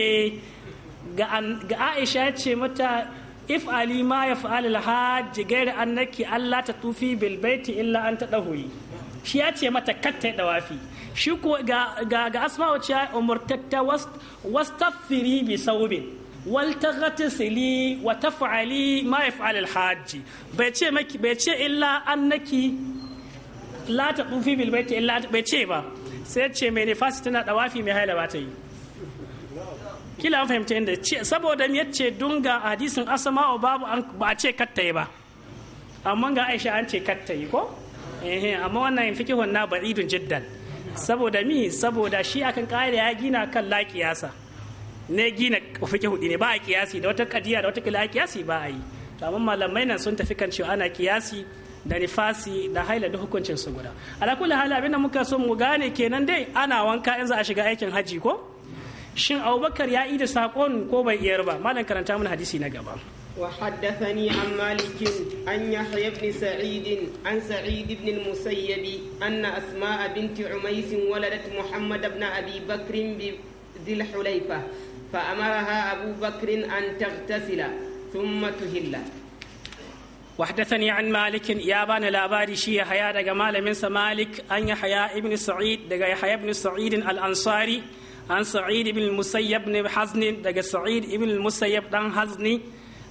ga aisha ya ce mata if ali ma ya fa'al hajji gairi annaki allah ta tufi bilbaiti illa an ta dahoyi shi ya ce mata yi dawafi shi kuwa ga ga, ga asma'u ce umurtatta wastaghfiri bi saubin waltaghtasili wa taf'ali ma yaf'al al-hajj bai ce maki bai ce illa annaki la ta tufi bil baiti illa bai ce ba sai ce mai nifasi tana dawafi mai haila ba ta yi kila an fahimta inda ce saboda me yace dunga hadisin asma'u babu ba a ce katta ba amma ga Aisha an ce katta ko amma wannan fikihun na ba'idun jiddan saboda mi saboda shi akan ƙa'ida ya gina kan la kiyasa ne gina fike hudu ne ba a kiyasi da wata kadiya da wata kila kiyasi ba a yi to amma malamai nan sun tafi kan cewa ana kiyasi da nifasi da haila da hukuncin su guda ala kulli hali abinda muka so mu gane kenan dai ana wanka in za a shiga aikin haji ko shin abubakar ya yi da saƙon ko bai iyar ba malam karanta mana hadisi na gaba وحدثني عن مالك عن يحيى بن سعيد عن سعيد بن المسيب أن أسماء بنت عميس ولدت محمد بن أبي بكر بذي الحليفة فأمرها أبو بكر أن تغتسل ثم تهل وحدثني عن مالك يا بان لاباري شي يحيى دغ مالمن مالك أن يحيى ابن سعيد دغ يحيى بن سعيد الأنصاري عن سعيد بن المسيب بن حزن دغ سعيد بن المسيب بن حزن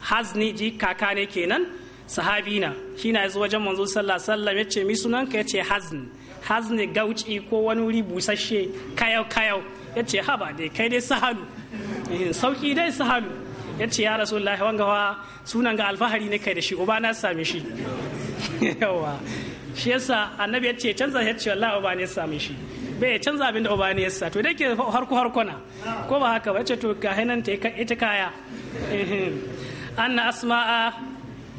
hazni ji kaka ne kenan sahabi na shi na yanzu wajen manzo sallallahu alaihi wasallam yace mi sunanka yace hazn hazni gauci ko wani wuri busasshe kayau kayau yace haba da kai dai sahalu eh, sauki dai sahalu yace ya rasulullahi wanga wa sunan ga alfahari ne kai da shi uba na same shi yawa shi yasa annabi yace canza yace wallahi uba ne same shi bai ya canza abin da uba ya sa to dai ke harko harkona ko ba haka ba ce to ga hainan ta ita kaya eh, eh. An na asma'a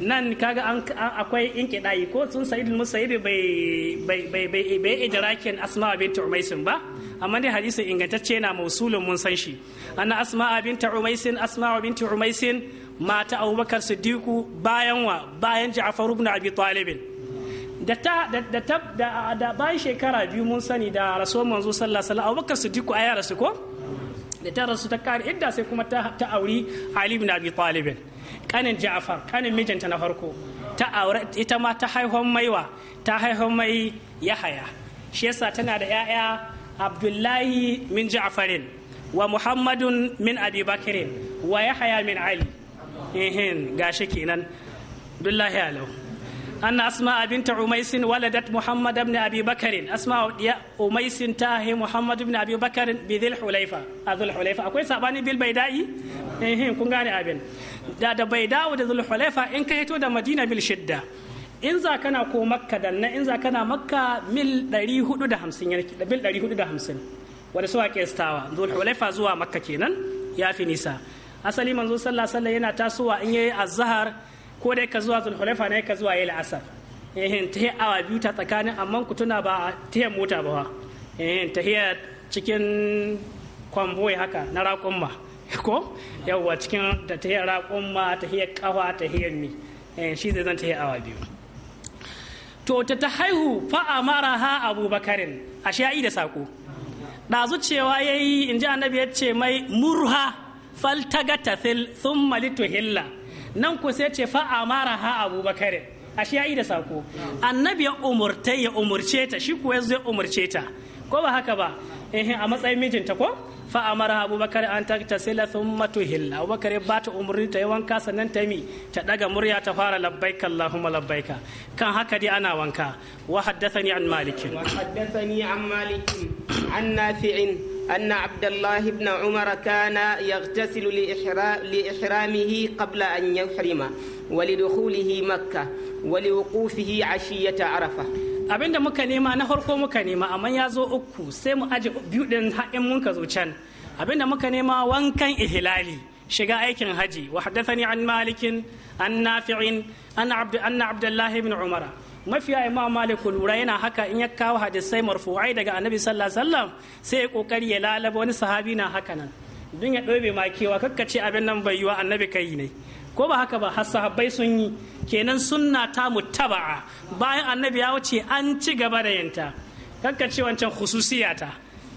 nan kaga an akwai inkidayi ko sun sa'id musayyib bai bai bai bai idrakin asma'a bint umaysin ba amma dai hadisin ingantacce na mausulun mun san shi anna asma'a bint umaysin asma'a bint umaysin mata abubakar Sadiku bayan wa bayan ja'far ibn abi talib da ta da ta da bayan shekara biyu mun sani da rasul manzo sallallahu alaihi wasallam abubakar Sadiku ayara su ko da ta rasu ta kare idda sai kuma ta auri ali ibn abi talib kanin jafar kanin mijinta na farko ta aure ita ma ta haihuwar maiwa ta haihuwar mai ya haya shi yasa tana da 'ya'ya abdullahi min ja'farin wa muhammadun min abubakirin wa ya haya min ali ga shi kenan dullahi alau an na asma abin ta umaisin waladat muhammad abin abubakirin asma umaisin ta haihuwar Muhammad min abubakirin bidil hulaifa a zul hulaifa akwai sabani bil bai da'i ihin kun gane abin da da bai dawo da zulhulaifa in ka hito da madina mil shidda in za kana ko makka nan in za kana makka mil 450 yarki da mil 450 wanda suwa kestawa zulhulaifa zuwa makka kenan ya fi nisa asali manzo sallallahu alaihi yana tasowa in yayi azhar ko dai ka zuwa zulhulaifa ne ka zuwa yayi asar eh ta awa biyu ta tsakanin amma ku tuna ba ta mota ba eh ta cikin kwamboy haka na raƙumma ko yawwa cikin da tahiyar raƙon ma tahiyar kafa hiyar mi eh, shi zai zan hiyar awa biyu to ta ta haihu fa'a mara ha abubakarin a sha'i da saƙo ɗazu cewa ya yi in ji annabi ya ce mai murha fil sun malito hilla nan ku sai ce fa'a mara ha abubakarin a sha'i da saƙo annabi ya umurce ta shi kuwa ya ya umurce ta ko ba haka ba eh, a matsayin mijinta ko fa amara abubakar an sun thumma tuhil abubakar ya bata umarni ta yi wanka sannan ta mi ta daga murya ta fara labbaika allahumma labbaika kan haka dai ana wanka wa haddathani an malik wa haddathani an malikin an nafi'in أن عبد الله بن عمر كان يغتسل لإحرامه قبل أن يحرم ولدخوله مكة ولوقوفه عشية عرفة abin da muka nema na farko muka nema amma ya zo uku sai mu aje biyu din haɗin mun ka zo can abin da muka nema wankan ihlali shiga aikin haji wa haddathani an malikin an nafi'in an abd an abdullahi ibn umara mafiya imam malik lura yana haka in ya kawo hadisai marfu'ai daga annabi sallallahu alaihi wasallam sai ya kokari ya lalaba wani sahabi na haka nan don ya ɗobe ma kewa kakkace abin nan bai yiwa annabi kai ne ko ba haka ba har sahabbai sun yi kenan sunna ta muttaba'a bayan annabi ya wuce an ci gaba da yanta kanka ce wancan khususiyata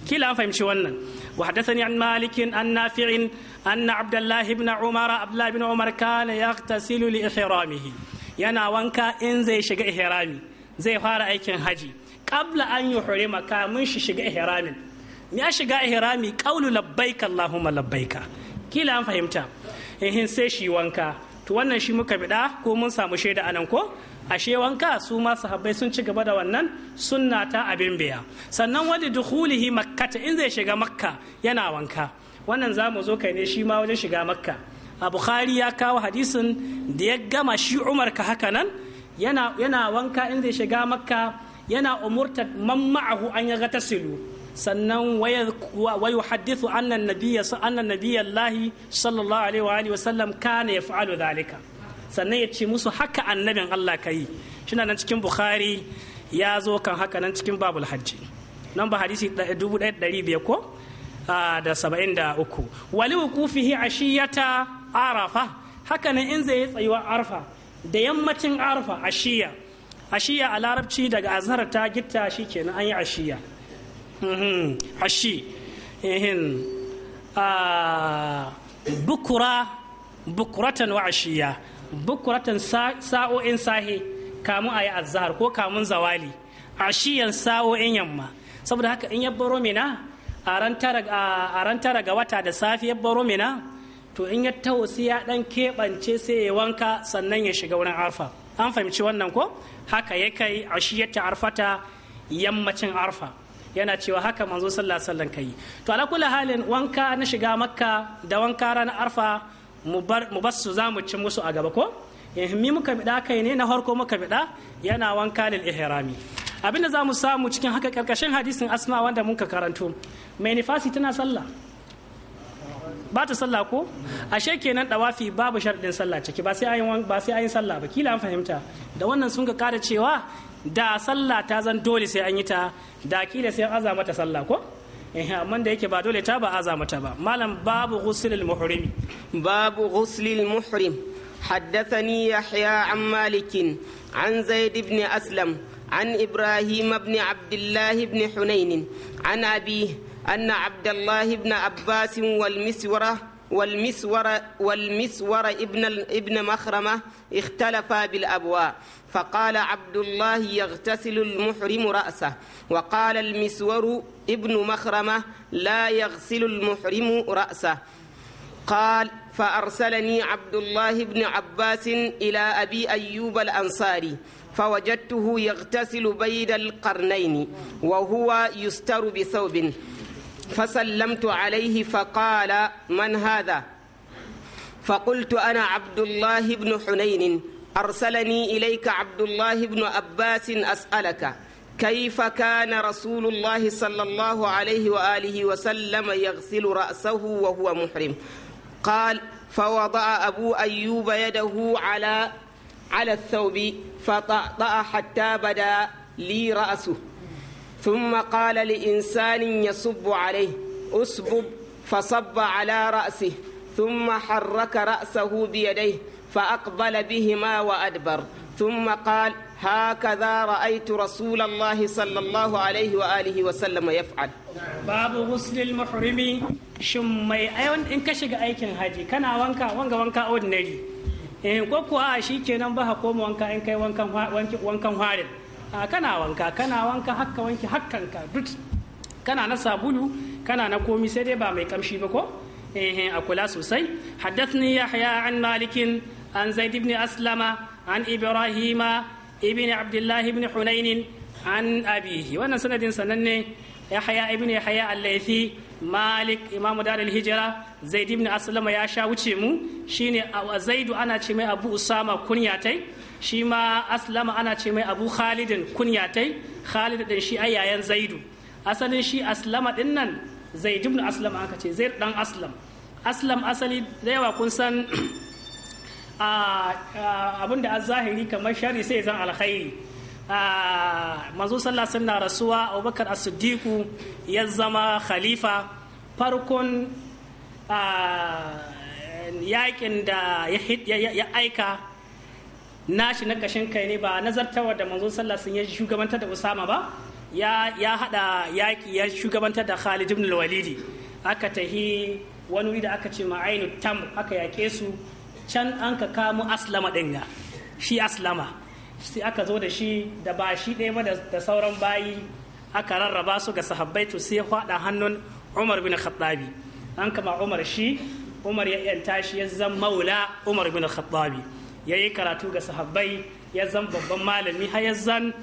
kila an fahimci wannan wa hadathani an malikin an nafi'in an abdullah ibn umar abdullah ibn umar kana yaghtasilu li ihramihi yana wanka in zai shiga ihrami zai fara aikin haji qabla an yi kamun shi shiga ihramin ya shiga ihrami qawlu labbaika allahumma labbaika kila an fahimta hin, sai shi wanka to wannan shi muka biɗa ko mun samu shaida anan ko ashe wanka su ma sahabbai sun ci gaba da wannan sunna ta abin biya sannan wani dukhulihi makkata in zai shiga makka yana wanka wannan za mu zo kai ne shi ma wajen shiga makka a bukhari ya kawo hadisin da ya gama shi umar ka haka nan yana wanka in zai shiga makka yana umurtar man an ya ga tasilu sannan wayu hadithu annan nabiyya annan nabiyya sallallahu alaihi wa alihi wa sallam kana yaf'alu dhalika sannan ya ce musu haka annabin Allah ka yi shi nan cikin Bukhari ya zo kan haka nan cikin babul hajji nan ba hadisi 1500 ko da 73 wali a shiyata arafa haka nan in zai tsayuwa arfa da yammacin arfa a shiya a shiya larabci daga azhar ta gitta shikenan an yi a shiya. hashi ehin bukura bukuratan wa ashiya bukuratan sa'o'in sahi kamun ayi azhar ko kamun zawali ashiyan sa'o'in yamma saboda haka in ya baro a ran tara ga wata da safe ya baro to in ya tausi ya dan keɓance sai ya wanka sannan ya shiga wurin arfa an fahimci wannan ko haka ya kai ta arfata yammacin arfa yana cewa haka manzo sallallahu alaihi wasallam kai to ala kulli halin wanka na shiga makka da wanka ranar arfa mu basu za mu ci musu a gaba ko himmi eh, muka bida kai ne na harko muka bida yana wanka lil ihrami abinda za mu samu cikin haka karkashin hadisin asma wanda muka karanto mai nifasi tana sallah ba ta sallah ko ashe kenan dawafi babu sharɗin sallah ciki ba sai ayin ba sai ayin sallah ba kila an fahimta da wannan sun ka kara cewa da sallah ta zan dole sai an yi ta da kila sai aza mata sallah ko eh, amma da yake ba dole ta ba aza mata ba malam babu ghuslil muhrim. babu ghuslil muhrim حدثني يحيى عن مالك عن زيد بن أسلم عن إبراهيم بن عبد الله بن حنين عن أبيه أن عبد الله بن عباس والمسورة والمسور والمسور ابن ابن مخرمة اختلفا بالأبواء فقال عبد الله يغتسل المحرم رأسه وقال المسور ابن مخرمة لا يغسل المحرم رأسه قال فأرسلني عبد الله بن عباس إلى أبي أيوب الأنصاري فوجدته يغتسل بيد القرنين وهو يستر بثوب فسلمت عليه فقال من هذا فقلت انا عبد الله بن حنين ارسلني اليك عبد الله بن عباس اسالك كيف كان رسول الله صلى الله عليه واله وسلم يغسل راسه وهو محرم قال فوضع ابو ايوب يده على على الثوب فطأطأ حتى بدا لي راسه ثم قال لإنسان يصب عليه أسبب فصب على رأسه ثم حرك رأسه بيديه فأقبل بهما وأدبر ثم قال هكذا رأيت رسول الله صلى الله عليه وآله وسلم يفعل باب غسل المحرم shin mai in ka shiga aikin haji kana wanka wanga wanka ordinary eh ko kuwa shikenan ba ka koma wanka in kai wankan wankan harin kana wanka kana wanka hakka wanki hakkanka duk kana na sabulu kana na komi sai dai ba mai kamshi ba ko eh a kula sosai haddathni yahya an malikin an zaid ibn aslama an ibrahima ibn abdullah ibn hunain an abihi wannan sanadin sananne yahya ibn yahya al-laythi malik imamu darul hijra zaid ibn aslama ya sha wuce mu shine zaidu ana ce mai abu usama kunyatai shi ma aslama ana ce mai abu khalidin kunyatai khalid din shi ai yayan zaidu asalin shi aslama din nan zaid ibn aslam aka ce zaid dan aslam aslam asali da yawa kun san abin da zahiri kamar shari sai zan alkhairi manzo sallah sunna rasuwa abubakar as-siddiqu ya zama khalifa farkon yakin da ya aika nashi na kashin kai ne ba nazartawa da manzon sallah sun ya shugabantar da usama ba ya ya hada yaki ya shugabantar da khalid ibn walidi aka tahi wani wuri da aka ce ma ainu tam aka yake su can an ka kamo aslama din ga shi aslama sai aka zo da shi da ba shi ɗaya ba da sauran bayi aka rarraba su ga sahabbai to sai faɗa hannun umar bin khattabi an kama umar shi umar ya yanta shi ya zama maula umar bin khattabi ya yi karatu ga sahabbai ya zan babban malami har ya zan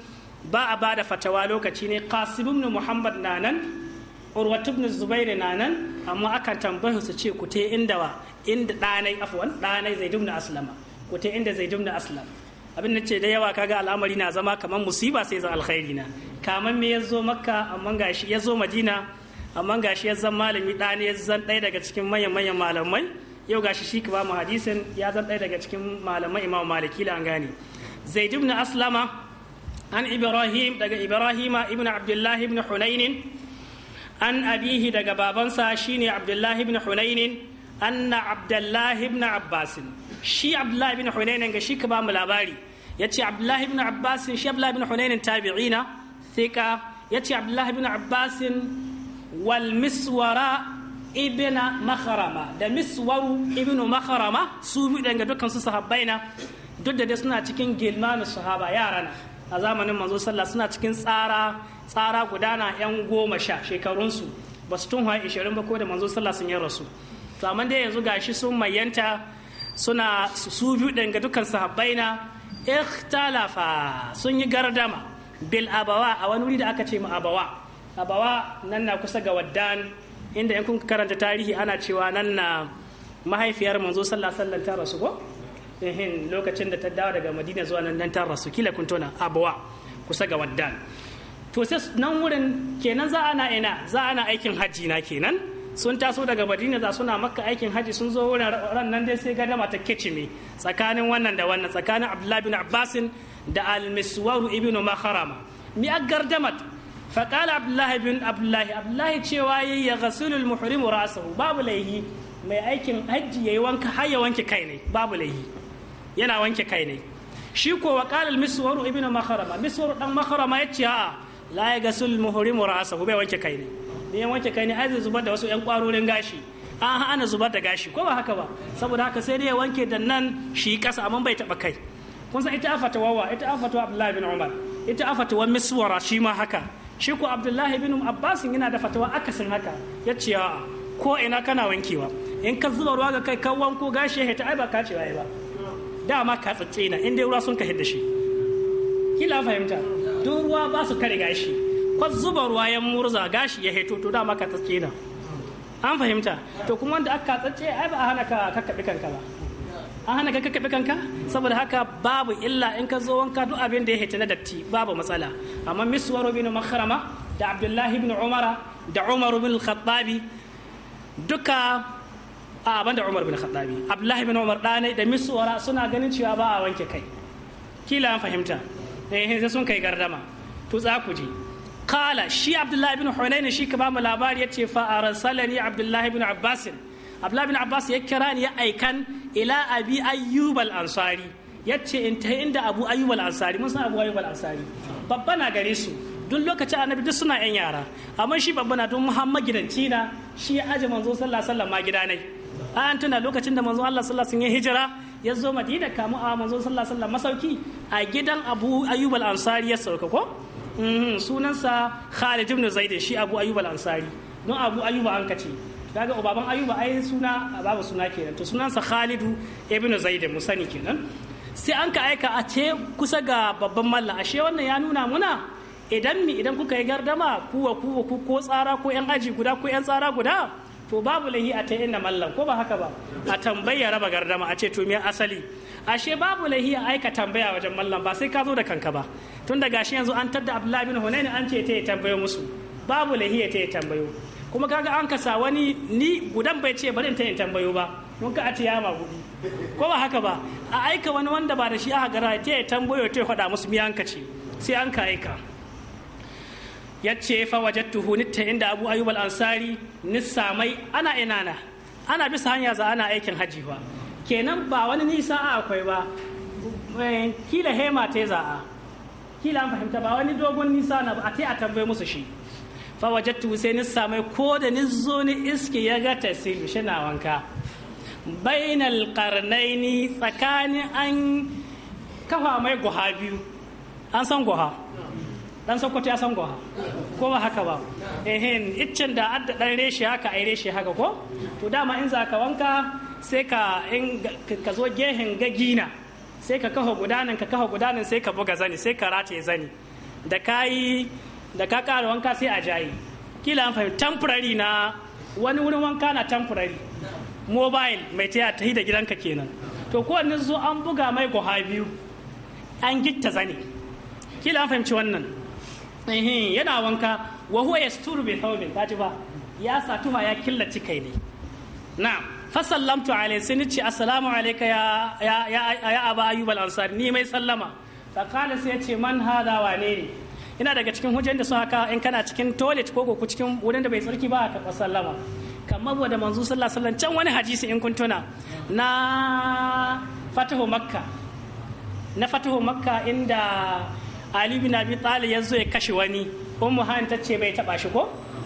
ba a ba da fatawa lokaci ne qasim ibn muhammad na nan urwat ibn zubair na nan amma aka tambaye su ce ku te inda wa inda danai afwan danai zaid ibn aslama ku te inda zaid ibn aslam abin da ce da yawa kaga al'amari na zama kamar musiba sai zan alkhairi na kamar me yazo makka amma gashi yazo madina amma gashi ya zan malami dane ya zan ɗaya daga cikin manyan manyan malamai yau gashi shi ka bamu hadisin ya zan ɗaya daga cikin malamai imam maliki la an gane zaid ibn aslama an ibrahim daga ibrahima ibn abdullahi ibn hunainin an abihi daga babansa shine abdullahi ibn hunainin anna abdullahi ibn abbasin shi abdullahi ibn hunainin ga shi ka bamu labari yace abdullahi ibn abbasin shi abdullahi ibn hunainin tabi'ina thika yace abdullahi ibn abbasin wal miswara ibina makharama da miswaru ibinu makharama su biyu daga dukkan su sahabbai na duk da dai suna cikin gilmanu sahaba yara na a zamanin manzo sallah suna cikin tsara tsara gudana yan goma sha shekarunsu ba su tun ishirin ba ko da manzo sallah sun yi rasu to amma dai yanzu gashi sun mayanta suna su biyu daga dukkan sahabbai na ikhtalafa sun yi gardama bil abawa a wani wuri da aka ce mu abawa abawa nan na kusa ga waddan inda in kun karanta tarihi ana cewa nan na mahaifiyar manzo sallah sallan ta rasu ko ehin lokacin da ta dawo daga madina zuwa nan ta rasu kila kun tona abuwa kusa ga waddan to sai nan wurin kenan za ana ina za ana aikin hajji na kenan sun taso daga madina za suna makka aikin haji sun zo wurin ran nan dai sai gadama ta kicime tsakanin wannan da wannan tsakanin abdullahi bin abbasin da al-miswaru ibnu maharama mi aggardamat فقال عبد الله بن عبد الله عبد الله cewa ya غسل المحرم راسه babu laihi mai aikin hajji yayi wanka har ya wanke kai ne babu laihi yana wanke kai ne shi ko wa qala al-miswar ibn makharama miswar dan makharama yace a la ya gasul muhrim ra'sahu bai wanke kai ne ne wanke kai ne ai zubar da wasu yan kwarorin gashi an ana zubar da gashi ko ba haka ba saboda haka sai dai ya wanke da nan shi kasa amma bai taba kai kun san ita afata wawa ita afata abdullahi bin umar ita afata wa miswara shi ma haka shi ko abdullahi bin abbas yana da fatawa akasin haka ya ce ko ina kana wankewa in ka zuba ruwa ga kai ka wanko gashi ya hita ai ba ka ce ba dama ka tsatse na in dai ruwa sun ka hidda shi kila fahimta duk ruwa ba su kare gashi ko zuba ruwa ya murza gashi ya hito to dama ka tsatse na an fahimta to kuma wanda aka tsatse ai ba a hana ka kakkaɓe kanka ba an hana ka kaɓe kanka saboda haka babu illa in ka zo wanka duk abin da ya hita na datti babu matsala amma miswar bin makharama da abdullahi bin umara da umar bin khattabi duka a ban da umar bin khattabi abdullahi bin umar ɗane da miswara suna ganin cewa ba a wanke kai kila an fahimta eh sai sun kai gardama to za ku ji kala shi abdullahi bin hunayn shi ka ba mu labari yace fa arsalani abdullahi bin abbasin abdullahi bin abbas ya kira ni ya aikan ila abi ayyubal ansari ya ce in ta inda abu ayyubal ansari mun san abu ayyubal ansari babba na gare su duk lokacin annabi duk suna yan yara amma shi babba na don muhammad gidanci na shi ya aje manzo sallallahu alaihi wasallam ma gidanai an tuna lokacin da manzo Allah sallallahu alaihi wasallam ya hijira ya zo madina kamu a manzo sallallahu alaihi masauki a gidan abu ayyubal ansari ya sauka ko mm-hmm. sunansa khalid ibn zaid shi abu ayyubal ansari don abu ayyuba an kace daga ubaban ayuba ai suna babu suna kenan to sunansa khalidu ibnu zaid mu sani kenan sai an ka aika a ce kusa ga babban mallam ashe wannan ya nuna muna idan mi idan kuka yi gardama kuwa wa ku ko tsara ko yan aji guda ko yan tsara guda to babu lahi a ta inda mallam ko ba haka ba a tambaya raba gardama a ce to me asali ashe babu lahi a aika tambaya wajen mallam ba sai ka zo da kanka ba tun da gashi yanzu an tadda abdullahi bin hunain an ce ta tambayo musu babu lahi ta tambayo kuma kaga an kasa wani ni gudan bai ce bari in ta yin tambayo ba mun ka ati yama gudu ko ba haka ba a aika wani wanda ba da shi aka gara ta yi tambayo ta faɗa musu mi an ce sai an ka aika ya ce fa wajattu hunitta inda abu ayyub al-ansari ni samai ana inana ana bisa hanya za ana aikin haji fa kenan ba wani nisa a akwai ba eh, kila hema ta za'a kila an fahimta ba wani dogon nisa na ba a ta a tambaye musu shi fa wajattu sai ni samai ko da ni zo ni iski ya ga tasilu shina wanka bainal qarnaini tsakanin an kafa mai guha biyu an san guha dan sokoto ya san guha ko ba haka ba ehin iccen da adda dan reshe haka ai reshe haka ko to dama in za ka wanka sai ka in ka zo gehen gagina sai ka kafa gudanan ka kafa gudanan sai ka buga zani sai ka rataye zani da kayi da ka ƙara wanka sai a jaye kila an fahimta temporary na wani wurin wanka na temporary mobile mai taya ta da gidanka kenan to kowanne zo an buga mai guha biyu an gitta zane kila an fahimci wannan yana wanka wa huwa yasturu bi thawbin ta ji ba ya ma ya killaci kai ne na fasallamtu alayhi sai ni assalamu alayka ya ya ya abu ayyub al-ansari ni mai sallama fa kana sai ya ce man hada wane ne ina daga cikin hujjan da sun haka in kana cikin toilet ko ko cikin wurin da bai tsarki ba ka sallama kamar wanda manzo sallallahu alaihi wasallam can wani hadisi in kun tuna na fatahu makka na fatahu makka inda ali bin abi talib ya zo ya kashe wani ummu han ta ce bai taba shi ko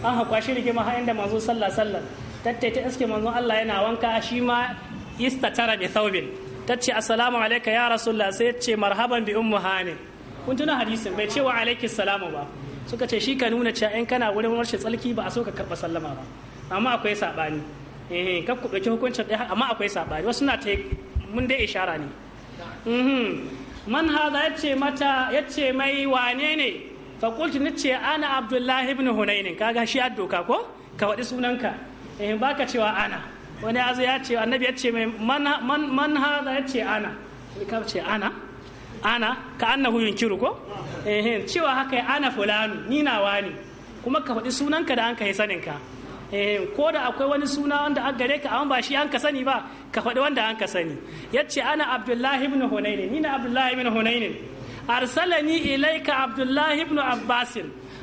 an hakwa shi rigima har inda manzo sallallahu alaihi wasallam tattai ta iske manzo Allah yana wanka shi ma istatara bi thawbin tace assalamu alayka ya rasulullah sai ce marhaban bi ummu hanin kun tuna hadisin bai cewa alaikis salamu ba suka ce shi ka nuna cewa in kana wurin warshe tsalki ba a so ka karba sallama ba amma akwai sabani eh kar ku dauki hukuncin ɗaya amma akwai sabani wasu na ta mun dai ishara ne mhm. man haza yace mata yace mai wane ne fa ni ce ana abdullahi ibn hunain kaga shi doka ko ka wadi sunanka eh baka cewa ana wani azu ya ce annabi ce mai man man man haza yace ana ka ce ana ana ka annahu yunkiru ko eh cewa haka ana fulanu ni na wani, kuma ka faɗi sunanka da an kai sanin ka eh ko da akwai wani suna wanda an gare ka amma ba shi an ka sani ba ka faɗi wanda an ka sani yace ana abdullahi ibn hunayn ni na abdullahi ibn hunayn arsalani ilaika abdullahi ibn Abbas,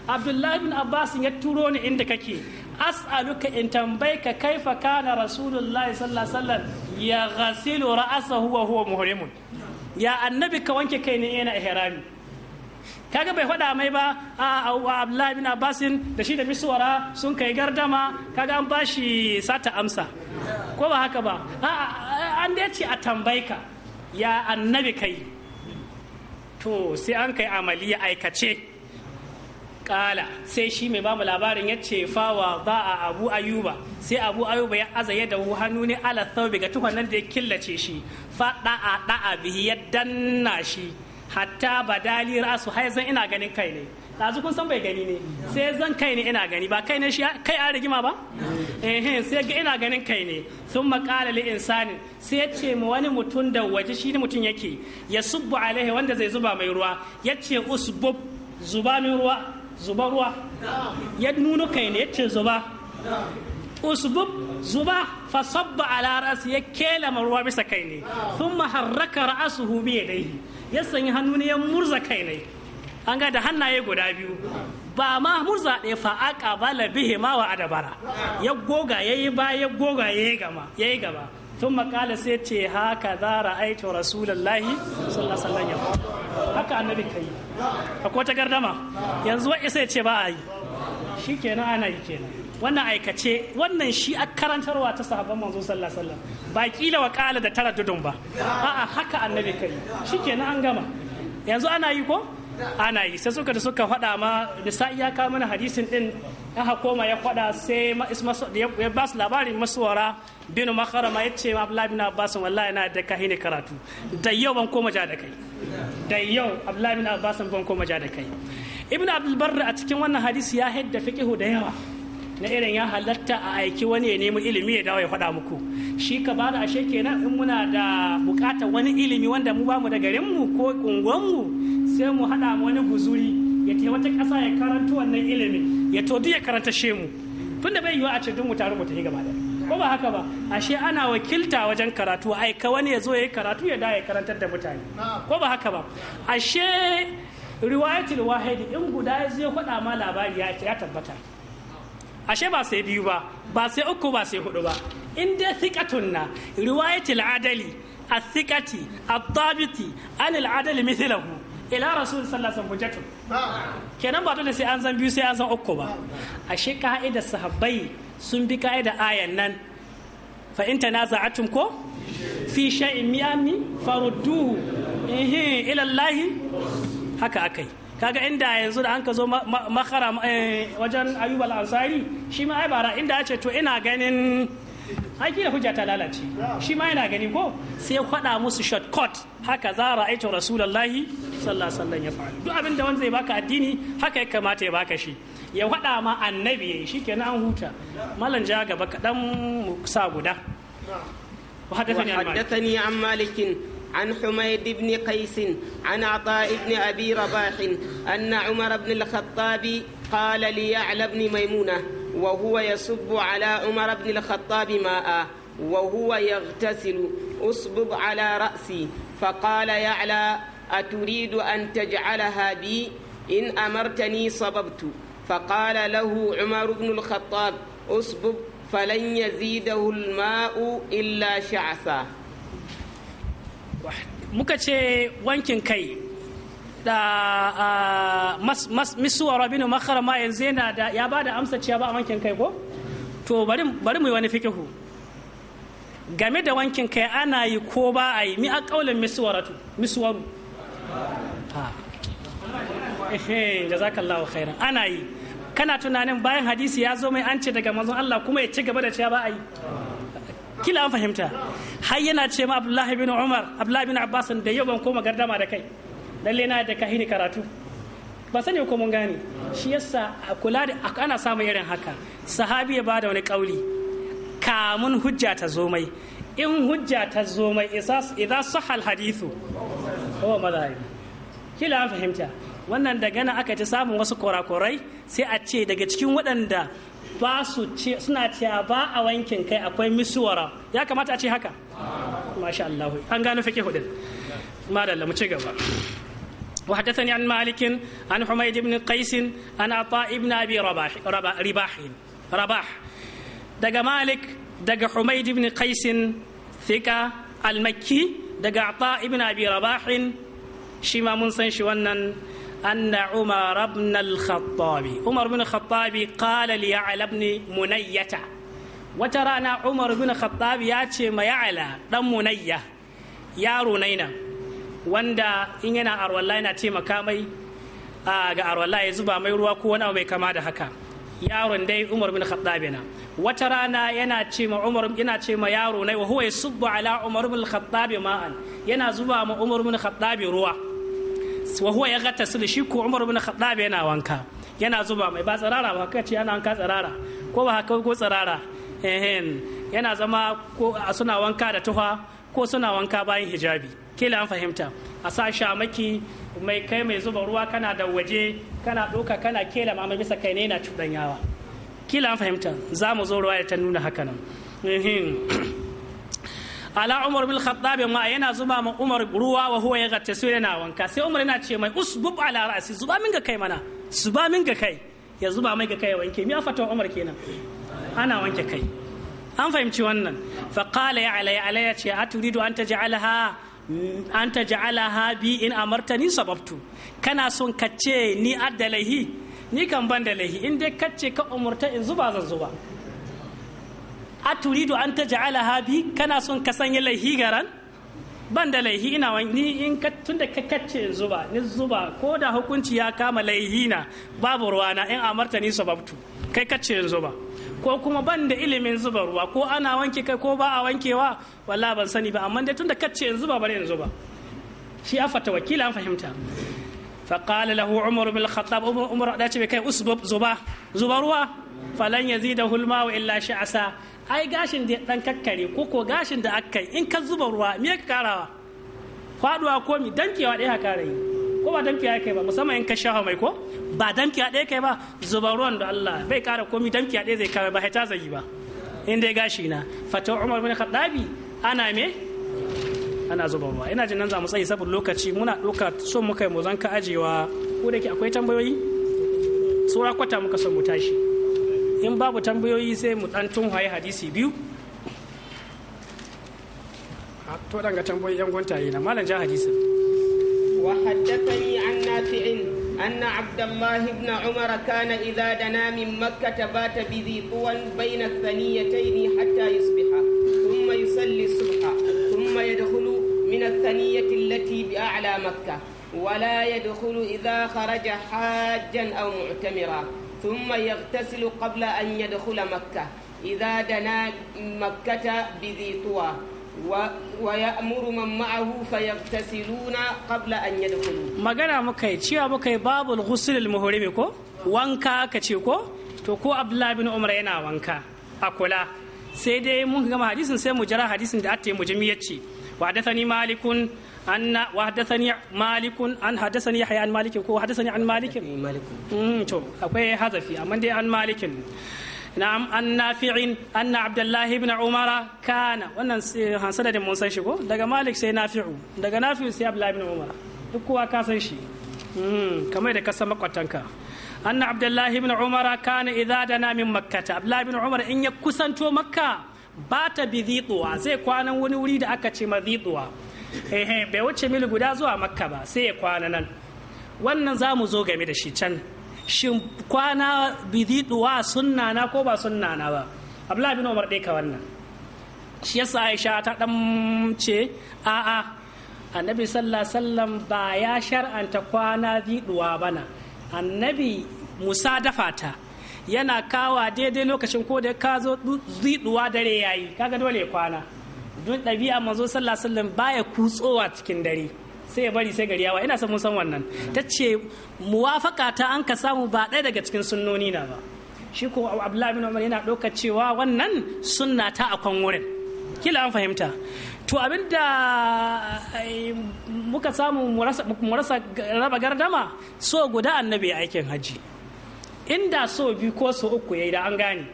abdullahi ibn Abbas ya turo ni inda kake as'aluka in tambayi ka kaifa kana rasulullahi sallallahu alaihi wasallam ya ghasilu ra'asahu wa huwa muhrimun ya annabi ka wanke kai ne yana ihrami kaga bai faɗa mai ba a Abdullahi bin Abbasin da shi da miswara sun kai gardama kaga an bashi sata amsa ko ba haka ba an dai ce a tambayka ya annabi kai to sai an kai amaliya aikace kala sai shi mai bamu labarin ya ce fawa za a abu ayuba sai abu ayuba ya aza ya dawo hannu ne ala thawbi ga tuhon da ya killace shi fa da'a da'a bihi ya danna shi hatta badali rasu har zan ina ganin kai ne ɗazu kun san bai gani ne sai zan kai ne ina gani ba kai ne shi kai a rigima ba eh sai ga ina ganin kai ne sun makala li insani sai ya ce mu wani mutum da waje shi ne mutum yake ya subbu alaihi wanda zai zuba mai ruwa ya ce usbub zuba mai ruwa zuba ruwa ya nuna kai ne yace zuba usbub zuba fa sabba ala rasi ya kela ruwa bisa kai ne thumma harraka ra'suhu bi yadayhi ya sanya hannu ne ya murza kai ne an ga da hannaye guda biyu ba ma murza ɗaya fa aqabala bihi ma wa adabara ya goga yayi ba ya goga yayi gama yayi gaba Tun makala sai ce haka za ra'aitu rasulallahi sallallahu alaihi haka annabi kai akwai ta gardama yanzu wa isa ce ba yi shi kenan ana yi kenan wannan aikace wannan shi a karantarwa ta sahabban manzo sallallahu ba kila wa kala da tara dudun ba a'a haka annabi kai shi kenan an gama yanzu ana yi ko ana yi sai suka da suka faɗa ma da sa'i ya kawo mana hadisin ɗin. ya koma ya kwada sai ya ba su labarin masuwara binu makarama ya ce abdullahi bin abbas wallahi na da kai ne karatu da yau ban koma ja da kai da yau abdullahi bin abbas ban koma ja da kai ibn abdul a cikin wannan hadisi ya hadda fiqhu da yawa na irin ya halatta a aiki wani ya nemi ilimi ya dawo ya faɗa muku shi ka da ashe kenan in muna da bukatar wani ilimi wanda mu bamu da garinmu ko unguwanmu sai mu haɗa wani guzuri ya ta wata ƙasa ya karanta wannan ilimin ya todi ya karanta shemu tunda bai yiwa a ce duk mu mutane gaba da ko ba haka ba ashe ana wakilta wajen karatu aika wani ya zo ya yi karatu ya da ya karantar da mutane ko ba haka ba ashe riwayatul wahidi in guda ya zai faɗa ma labari ya ya tabbata ashe ba sai biyu ba ba sai uku ba sai hudu ba in dai thiqatun na riwayatul adali الثقة الضابط عن العدل مثله ila rasul sallallahu alaihi wasallam kenan ba dole sai an san biyu sai an san uku ba ashe ka'idar sahabbai sun bi ka'idar ayan nan fa in tanaza'atum ko fi shay'in miyami farudduhu eh ila Allah haka akai kaga inda yanzu da an ka zo makara eh, wajen ayyub al-ansari shi ma ai bara inda ya ce to ina ganin aiki da hujja ta lalace shi ma yana gani ko sai ya faɗa musu shortcut haka za ra'aitu rasulullahi sallallahu alaihi ya fa'alu duk abin da wanda zai baka addini haka ya kamata ya baka shi ya faɗa ma annabi shi shikenan an huta malan ja gaba kaɗan mu sa guda وحدثني عن مالك عن حميد بن قيس عن عطاء بن أبي رباح أن عمر بن الخطاب قال ليعلى بن ميمونة وهو يصب على عمر بن الخطاب ماء وهو يغتسل اصبب على رأسي فقال يعلى أتريد أن تجعلها بي إن أمرتني صببت فقال له عمر بن الخطاب اصبب فلن يزيده الماء إلا شعثا muka ce wankin kai da a rabinu makar ma yanzu yana da ya ba da amsa ciya ba a wankin kai ko to bari mu yi wani fikihu game da wankin kai ana yi ko ba a yi mi a kaulin misuwaratu misuwaru jazakallahu khairan ana yi kana tunanin bayan hadisi ya zo mai an ce daga manzon Allah kuma ya ci gaba da ciya ba a yi kila an fahimta har yana ce ma Abdullahi bin Umar Abdullahi bin Abbas da yau ban koma gardama da kai lalle na da kahini karatu ba sani ko mun gane shi yasa a kula da ana samun irin haka sahabi ya bada wani kauli kamun hujja ta zo mai in hujja ta zo mai idza sahal hadithu kowa mazhabi kila an fahimta wannan daga nan aka ta samun wasu korakorai sai a ce daga cikin waɗanda ba su ce suna cewa ba a wankin kai akwai misuwara ya kamata a ce haka masha Allah an gano fake hudin madalla mu ci gaba وحدثني عن مالك عن حميد بن قيس عن عطاء بن أبي رباح رباح رباح دقى مالك دقى حميد بن قيس ثقة المكي دقى عطاء بن أبي رباح شما منسن شوانا أن عمر بن الخطاب عمر بن الخطاب قال ليعلى بن منية وترانا عمر بن الخطاب ياتي ما يعلى دم منية يا رونينا wanda in yana arwalla yana taimaka mai ga arwalla ya zuba mai ruwa ko wani abu mai kama da haka yaron dai umar bin khattab na wata rana yana ce ma umar yana ce ma yaro nai wa huwa yasubbu ala umar bin khattab ma'an yana zuba ma umar bin khattab ruwa wa huwa ya gata su shi ko umar bin khattab yana wanka yana zuba mai ba tsirara ba haka ce yana wanka tsirara ko ba haka ko tsirara yana zama ko suna wanka da tuha ko suna wanka bayan hijabi kila an fahimta a sa shamaki mai kai mai zuba ruwa kana da waje kana ɗauka kana kela ma bisa kai ne na cuɗanyawa kila an fahimta za mu zo ruwa da ta nuna haka nan ala umar bil khattab ma yana zuba ma umar ruwa wa huwa yaghtasu yana wanka sai umar yana ce mai usbub ala ra'si zuba min ga kai mana zuba min ga kai ya zuba mai ga kai ya wanke mi afata umar kenan ana wanke kai an fahimci wannan fa qala ya alayya alayya ala ya ce aturidu an taj'alha an ta ja'ala habi in ni sababtu kana son ka ce ni adda ni kan ban da laihi in dai ka ce ka umurta in zuba zan zuba a turidu an ta ja'ala habi kana son ka sanya lahi garan ban da laihi ina wani in tun da ka kacce in zuba ni zuba ko da hukunci ya kama lahi na babu ruwana in ni sababtu kai kacce in zuba ko kuma ban da ilimin zuba ruwa ko ana wanke kai ko ba a wankewa wala ban sani ba amma dai tunda kacce yanzu ba bari yanzu ba shi a fata wakila an fahimta فقال له عمر بن الخطاب عمر داce bai kai usbab zuba zuba ruwa falan yazidahu wa illa sha'sa ai gashin da dan kakkare ko ko gashin da akai in ka zuba ruwa me ka karawa faduwa komi dankewa dai ka kare ko ba damkiya kai ba musamman in ka shafa mai ko ba damkiya ɗaya kai ba zuba ruwan da Allah bai kara komi damkiya ɗaya zai kara ba ta zai ba in dai gashi na fata Umar bin Khattabi ana me ana zuba ruwa ina jin nan za mu tsayi saboda lokaci muna doka so mu kai mu zanka ajewa ko da ke akwai tambayoyi sura kwata muka son mu tashi in babu tambayoyi sai mu ɗan tunhaye hadisi biyu to ɗan ga tambayoyi yan gwantaye na malam ja وحدثني عن نافع أن عبد الله بن عمر كان إذا دنا من مكة بات بذي طوى بين الثنيتين حتى يصبح ثم يصلي الصبح ثم يدخل من الثنية التي بأعلى مكة ولا يدخل إذا خرج حاجا أو معتمرا ثم يغتسل قبل أن يدخل مكة إذا دنا مكة بذي طوى ويأمر من معه فيغتسلون قبل أن يدخلوا magana muka yi cewa muka yi babu ghusl al ko wanka ka ce ko to ko Abdullahi bin yana wanka a kula sai dai mun ga hadisin sai mu jira hadisin da atta mu jami'a ce wa hadathani malikun anna wa hadathani malikun an hadathani yahya an malikin ko hadathani an malikin malikin mm, to akwai hazafi amma dai an malikin na'am an nafi'in anna abdullahi ibn umar kana wannan hansada da mun san shi ko daga malik sai nafi'u daga nafi'u sai abdullahi ibn Umar duk kowa ka san shi hmm, kamar da ka san makwatanka anna abdullahi ibn umar kana idza dana min makkah abdullahi ibn umar in ya kusanto makka ba ta bi zitsuwa sai kwanan wani wuri da aka ce ma zitsuwa bai wuce mil guda zuwa makka ba sai ya kwana nan wannan za mu zo game da shi can shin kwana bididuwa sunna na ko ba sunna na ba abdullahi bin umar ka wannan shi yasa aisha ta dan ce a'a annabi sallallahu sallam ba ya shar'anta kwana bididuwa bana annabi musa dafa ta yana kawa daidai lokacin ko da ka zo ziduwa dare yayi kaga dole kwana don dabia manzo sallallahu alaihi wasallam baya kutsowa cikin dare sai ya bari sai gari yawa ina son mun san wannan ta ce muwafaka ta an ka samu ba ɗaya daga cikin sunnoni na ba shi ko abdullahi bin umar yana ɗauka cewa wannan sunna ta akon wurin kila an fahimta to abinda eh, muka samu mu rasa raba gardama so guda annabi aikin hajji inda so biyu ko so uku ya yi da an gane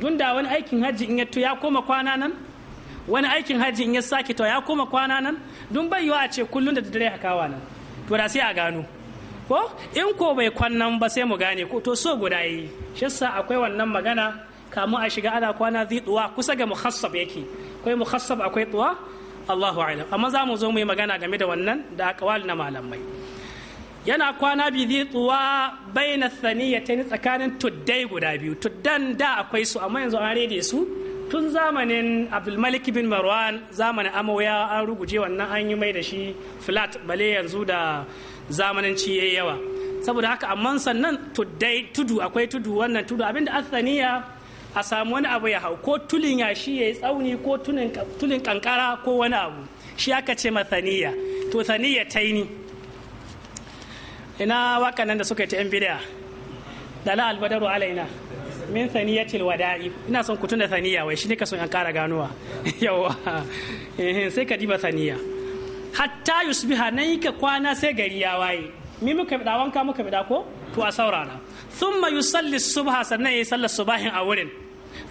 dun da wani aikin hajji in tu ya koma kwana nan wani aikin hajji in ya sake to ya koma kwana nan dun bai yiwa a ce kullun da dare wa nan to da sai a gano ko in ko bai kwannan ba sai mu gane ko to so guda yi shi akwai wannan magana kamu a shiga ana kwana zai tsuwa kusa ga muhassab yake akwai muhassab akwai tsuwa Allahu a'lam amma za mu zo mu yi magana game da wannan da aqwal na malamai yana kwana bi zai tsuwa baina thaniyatayn tsakanin tuddai guda biyu tuddan da akwai su amma yanzu an rede su tun zamanin abdulmalik bin marwan zamanin amawaya an ruguje wannan an yi mai da shi flat bale yanzu da zamanin ciye yawa saboda haka amma sannan tudu akwai tudu wannan tudu abinda asaniya a samu wani abu ya hau ko tulin ya shi ya yi tsauni ko tulin kankara ko wani abu shi aka ce mataniya to yi taini ina wakannan nan da suka yi ta yan bidiya dala albadaru alaina min saniyatil wada'i ina son kutun da saniya wai shine ka son an kara ganuwa yawa sai ka diba saniya hatta yusbiha nan ka kwana sai gari ya waye mi muka bi wanka muka bi ko to a saurara thumma yusalli subha sannan yayi sallar subahin a wurin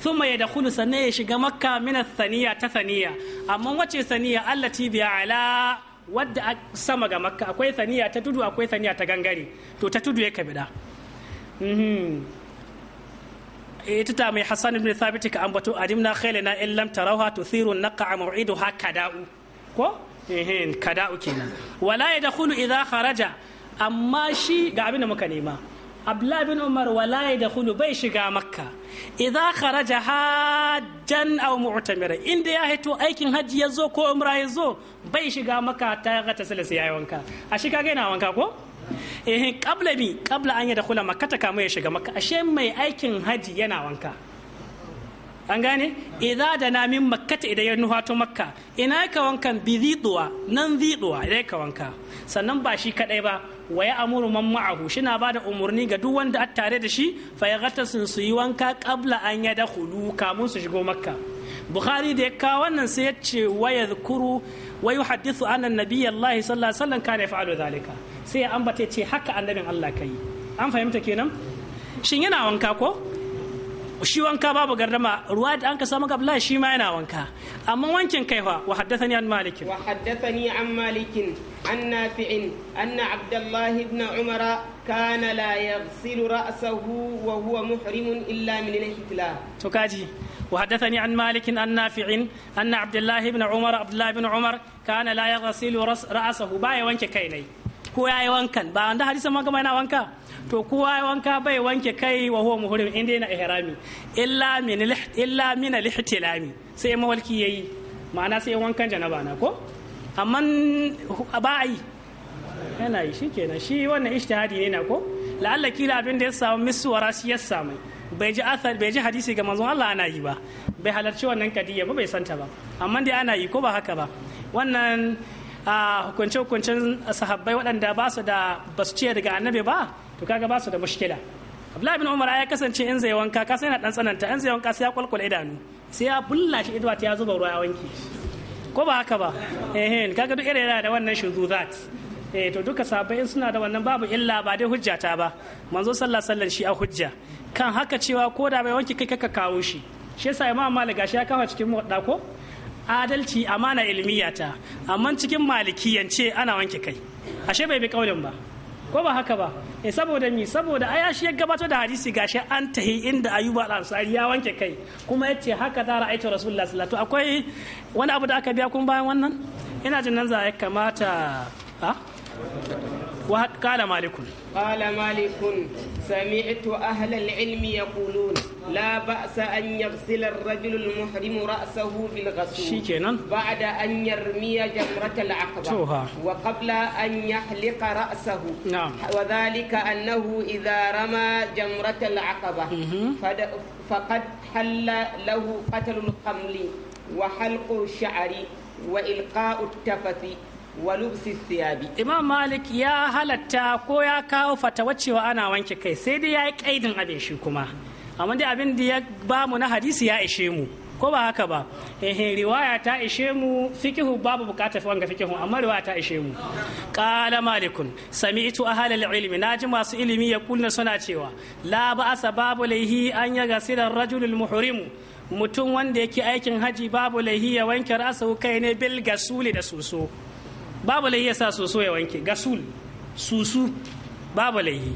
thumma yadkhulu sannan ya shiga makka min saniya ta saniya amma wace saniya allati bi ala wadda sama ga makka akwai saniya ta tudu akwai saniya ta gangare to ta tudu ya kabida mhm. ita mai Hassan ibn Thabit ka ambato adimna khailana in lam tarawha tuthiru naqa maw'iduha kada'u ko eh kada'u kenan wala yadkhulu idha kharaja amma shi ga abin da muka nema Abdullah bin Umar wala yadkhulu bai shiga Makka idha kharaja hajjan aw mu'tamira inda ya hito aikin hajji yazo ko umra yazo bai shiga Makka ta ga tasala sai yayi wanka a shi kage na wanka ko eh kabla bi kabla an ya kula makka ta kamu ya shiga makka ashe mai aikin haji yana wanka an gane idza da na idan ya nuhato makka ina ka wankan bi ziduwa nan ziduwa idan ka wanka sannan ba shi kadai ba waya ya amuru man ma'ahu shina ba da umarni ga duk wanda a tare da shi fa ya gata sun su yi wanka kabla an ya kamun su shigo makka bukhari da ya kawo wannan sai ya ce wa yadhkuru wa yuhaddithu anna nabiyyallahi sallallahu alaihi wasallam kana yaf'alu sai ya ambata ce haka annabin Allah ka yi an fahimta kenan shin yana wanka ko shi wanka babu gardama ruwa da an samu gabla shi ma yana wanka amma wankin kai fa wa haddathani an malikin. wa haddathani an malikin an nafi'in anna abdullah ibn umar kana la yaghsilu ra'sahu wa huwa muhrim illa min al-ihtilal to kaji وحدثني عن مالك عن نافع أن عبد الله بن عمر عبد الله بن عمر كان لا يغسل رأسه باي وانك كيني ko ya yi wankan ba wanda hadisan ma gama yana wanka to kowa ya wanka bai wanke kai wa huwa muhrim inda yana ihrami illa min illa min al-ihtilami sai mawalki yayi ma'ana sai wankan janaba na ko amma ba yi yana yi shikenan shi wannan ishtihadi ne na ko la'alla kila abin da ya samu miswara shi ya samu bai ji athar bai ji hadisi ga manzon Allah ana yi ba bai halarci wannan kadiya ba bai santa ba amma dai ana yi ko ba haka ba wannan a hukunce-hukuncen sahabbai waɗanda ba su da ba su ciye daga annabi ba to kaga ba su da mushkila abdullahi bin umar ya kasance in zai wanka ka sai na dan tsananta in zai wanka sai ya kwalkwala idanu sai ya bulla shi idwa ta ya zuba ruwa ya wanke ko ba haka ba eh kaga duk irin yana da wannan zat eh to duka sahabbai in suna da wannan babu illa ba dai hujja ta ba manzo sallallahu alaihi wasallam shi a hujja kan haka cewa ko da bai wanke kai kaka kawo shi shi yasa imam malik gashi ya kama cikin wadda ko adalci amana ilmiya ta amma cikin ce ana wanke kai ashe bai bi kaulin ba ko ba haka ba eh saboda mi saboda aya shi ya gabato da hadisi gashi an tahi inda ayuba al-ansari ya wanke kai kuma yace haka da ra'aytu rasulullah sallallahu alaihi akwai wani abu da aka biya kun bayan wannan ina jin nan za ya kamata ha wa qala malikun qala malikun sami'tu ahlal ilmi yaqulun la ba'sa anyar silar ar-rajul al-muhrim ra'sahu bil ghasl shikenan ba'da an yarmiya jamrat al-aqba wa qabla an yahliqa ra'sahu wa dhalika annahu idha rama jamrat al-aqba faqad halla lahu qatl wa halqu sha'ri wa ilqa'u tafati wa lubsi thiyabi imam malik ya halatta ko ya kawo fata wacewa ana wanke kai sai dai yayi kaidin abin shi kuma amma dai abin da ya ba mu na hadisi ya ishe mu ko ba haka ba eh riwaya ta ishe mu fikihu babu bukatar wanga fikihu amma riwaya ta ishe mu qala malikun sami'tu ahal al-ilm naji masu ilimi ya kulna suna cewa la ba babu laihi an yaga gasira rajulul muhrim mutum wanda yake aikin haji babu lahi ya wanke rasa kai ne bil gasuli da suso babu lahi ya sa suso ya wanke gasul susu babu laihi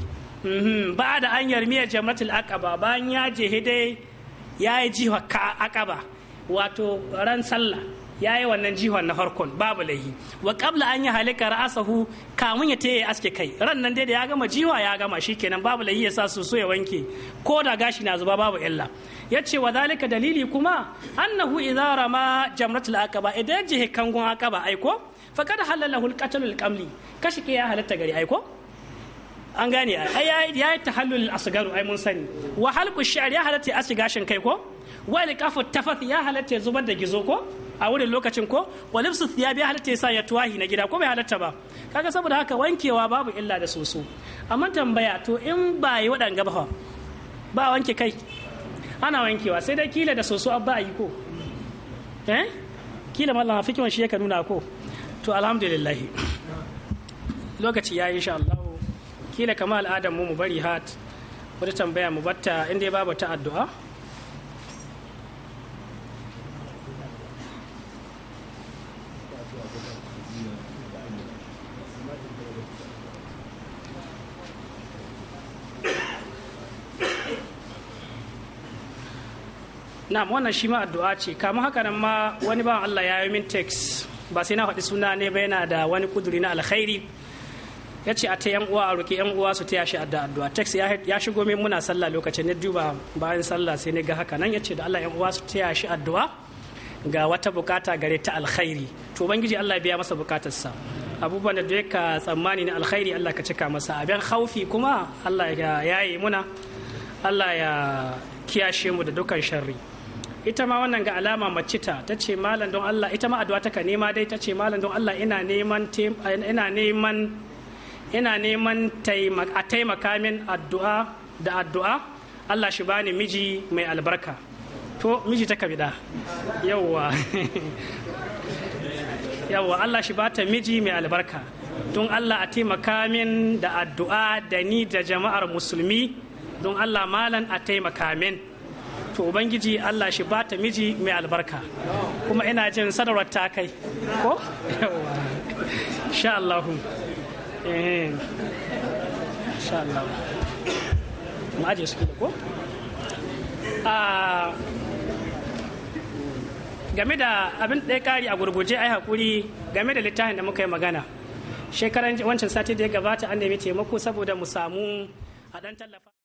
Mhm. ba da an miyar jamratul akaba bayan ya je hidai ya yi jiwa ka wato ran sallah ya yi wannan jihon na farkon babu laihi wa kabla an yi halika ra'asahu kamun ya taya aske kai ran nan dai da ya gama jiwa ya gama shi kenan babu laihi ya sa su so ya wanke ko da gashi na zuba babu illa yace wa zalika dalili kuma annahu idza rama jamratul aqaba idan jihe kangon aqaba aiko faqad halala hulqatul qamli kashi ke ya halatta gari aiko an gane ai ya yi ta hallu asigaru ai mun sani wa halku sha'r ya halatta aski gashin kai ko wa liqafu tafas ya halatta zubar da gizo ko a wurin lokacin ko wa ya thiyab ya halatta sa ya tuwahi na gida ko bai halatta ba kaga saboda haka wankewa babu illa da soso amma tambaya to in ba yi waɗanga ba ba wanke kai ana wankewa sai dai kila da soso abba ayi ko eh kila mallam afikin shi ka nuna ko to alhamdulillah lokaci ya yi insha Allah kila kama al'adar mu mu bari hat wata tambaya mu batta inda babu ta addu'a na wannan shi ma addu'a ce kama haka nan ma wani ba Allah ya yi min text ba sai na faɗi suna ne ba yana da wani kuduri na alkhairi ya ce a ta yan uwa a roki yan uwa su taya shi a addu'a text ya shigo min muna sallah lokacin ne duba bayan sallah sai ne ga haka nan ya ce da Allah yan uwa su taya shi addu'a ga wata bukata gare ta alkhairi to ubangiji Allah biya masa sa abubuwan da duka tsammani ne alkhairi Allah ka cika masa abin haufi kuma Allah ya yaye muna Allah ya kiyashe mu da dukan sharri ita ma wannan ga alama mace ta ce malam don Allah ita ma addu'a ta ka nema dai ta ce malam don Allah ina neman ina neman ina neman a taimaka min addu'a da addu'a Allah shi bani miji mai albarka to miji ta kabida yawwa yawwa Allah shi bata miji mai albarka don Allah a taimaka min da addu'a da ni da jama'ar musulmi don Allah malan a taimaka min to ubangiji Allah shi ba ta miji mai albarka kuma ina jin sadarwar ta kai ko yawwa sha Allahu eh da ko ah, game da abin ɗaya ƙari a gurguje a yi haƙuri game da littafin da muka yi magana shekaran wancan sati da ya gabata an nemi taimako saboda mu samu a ɗan tallafa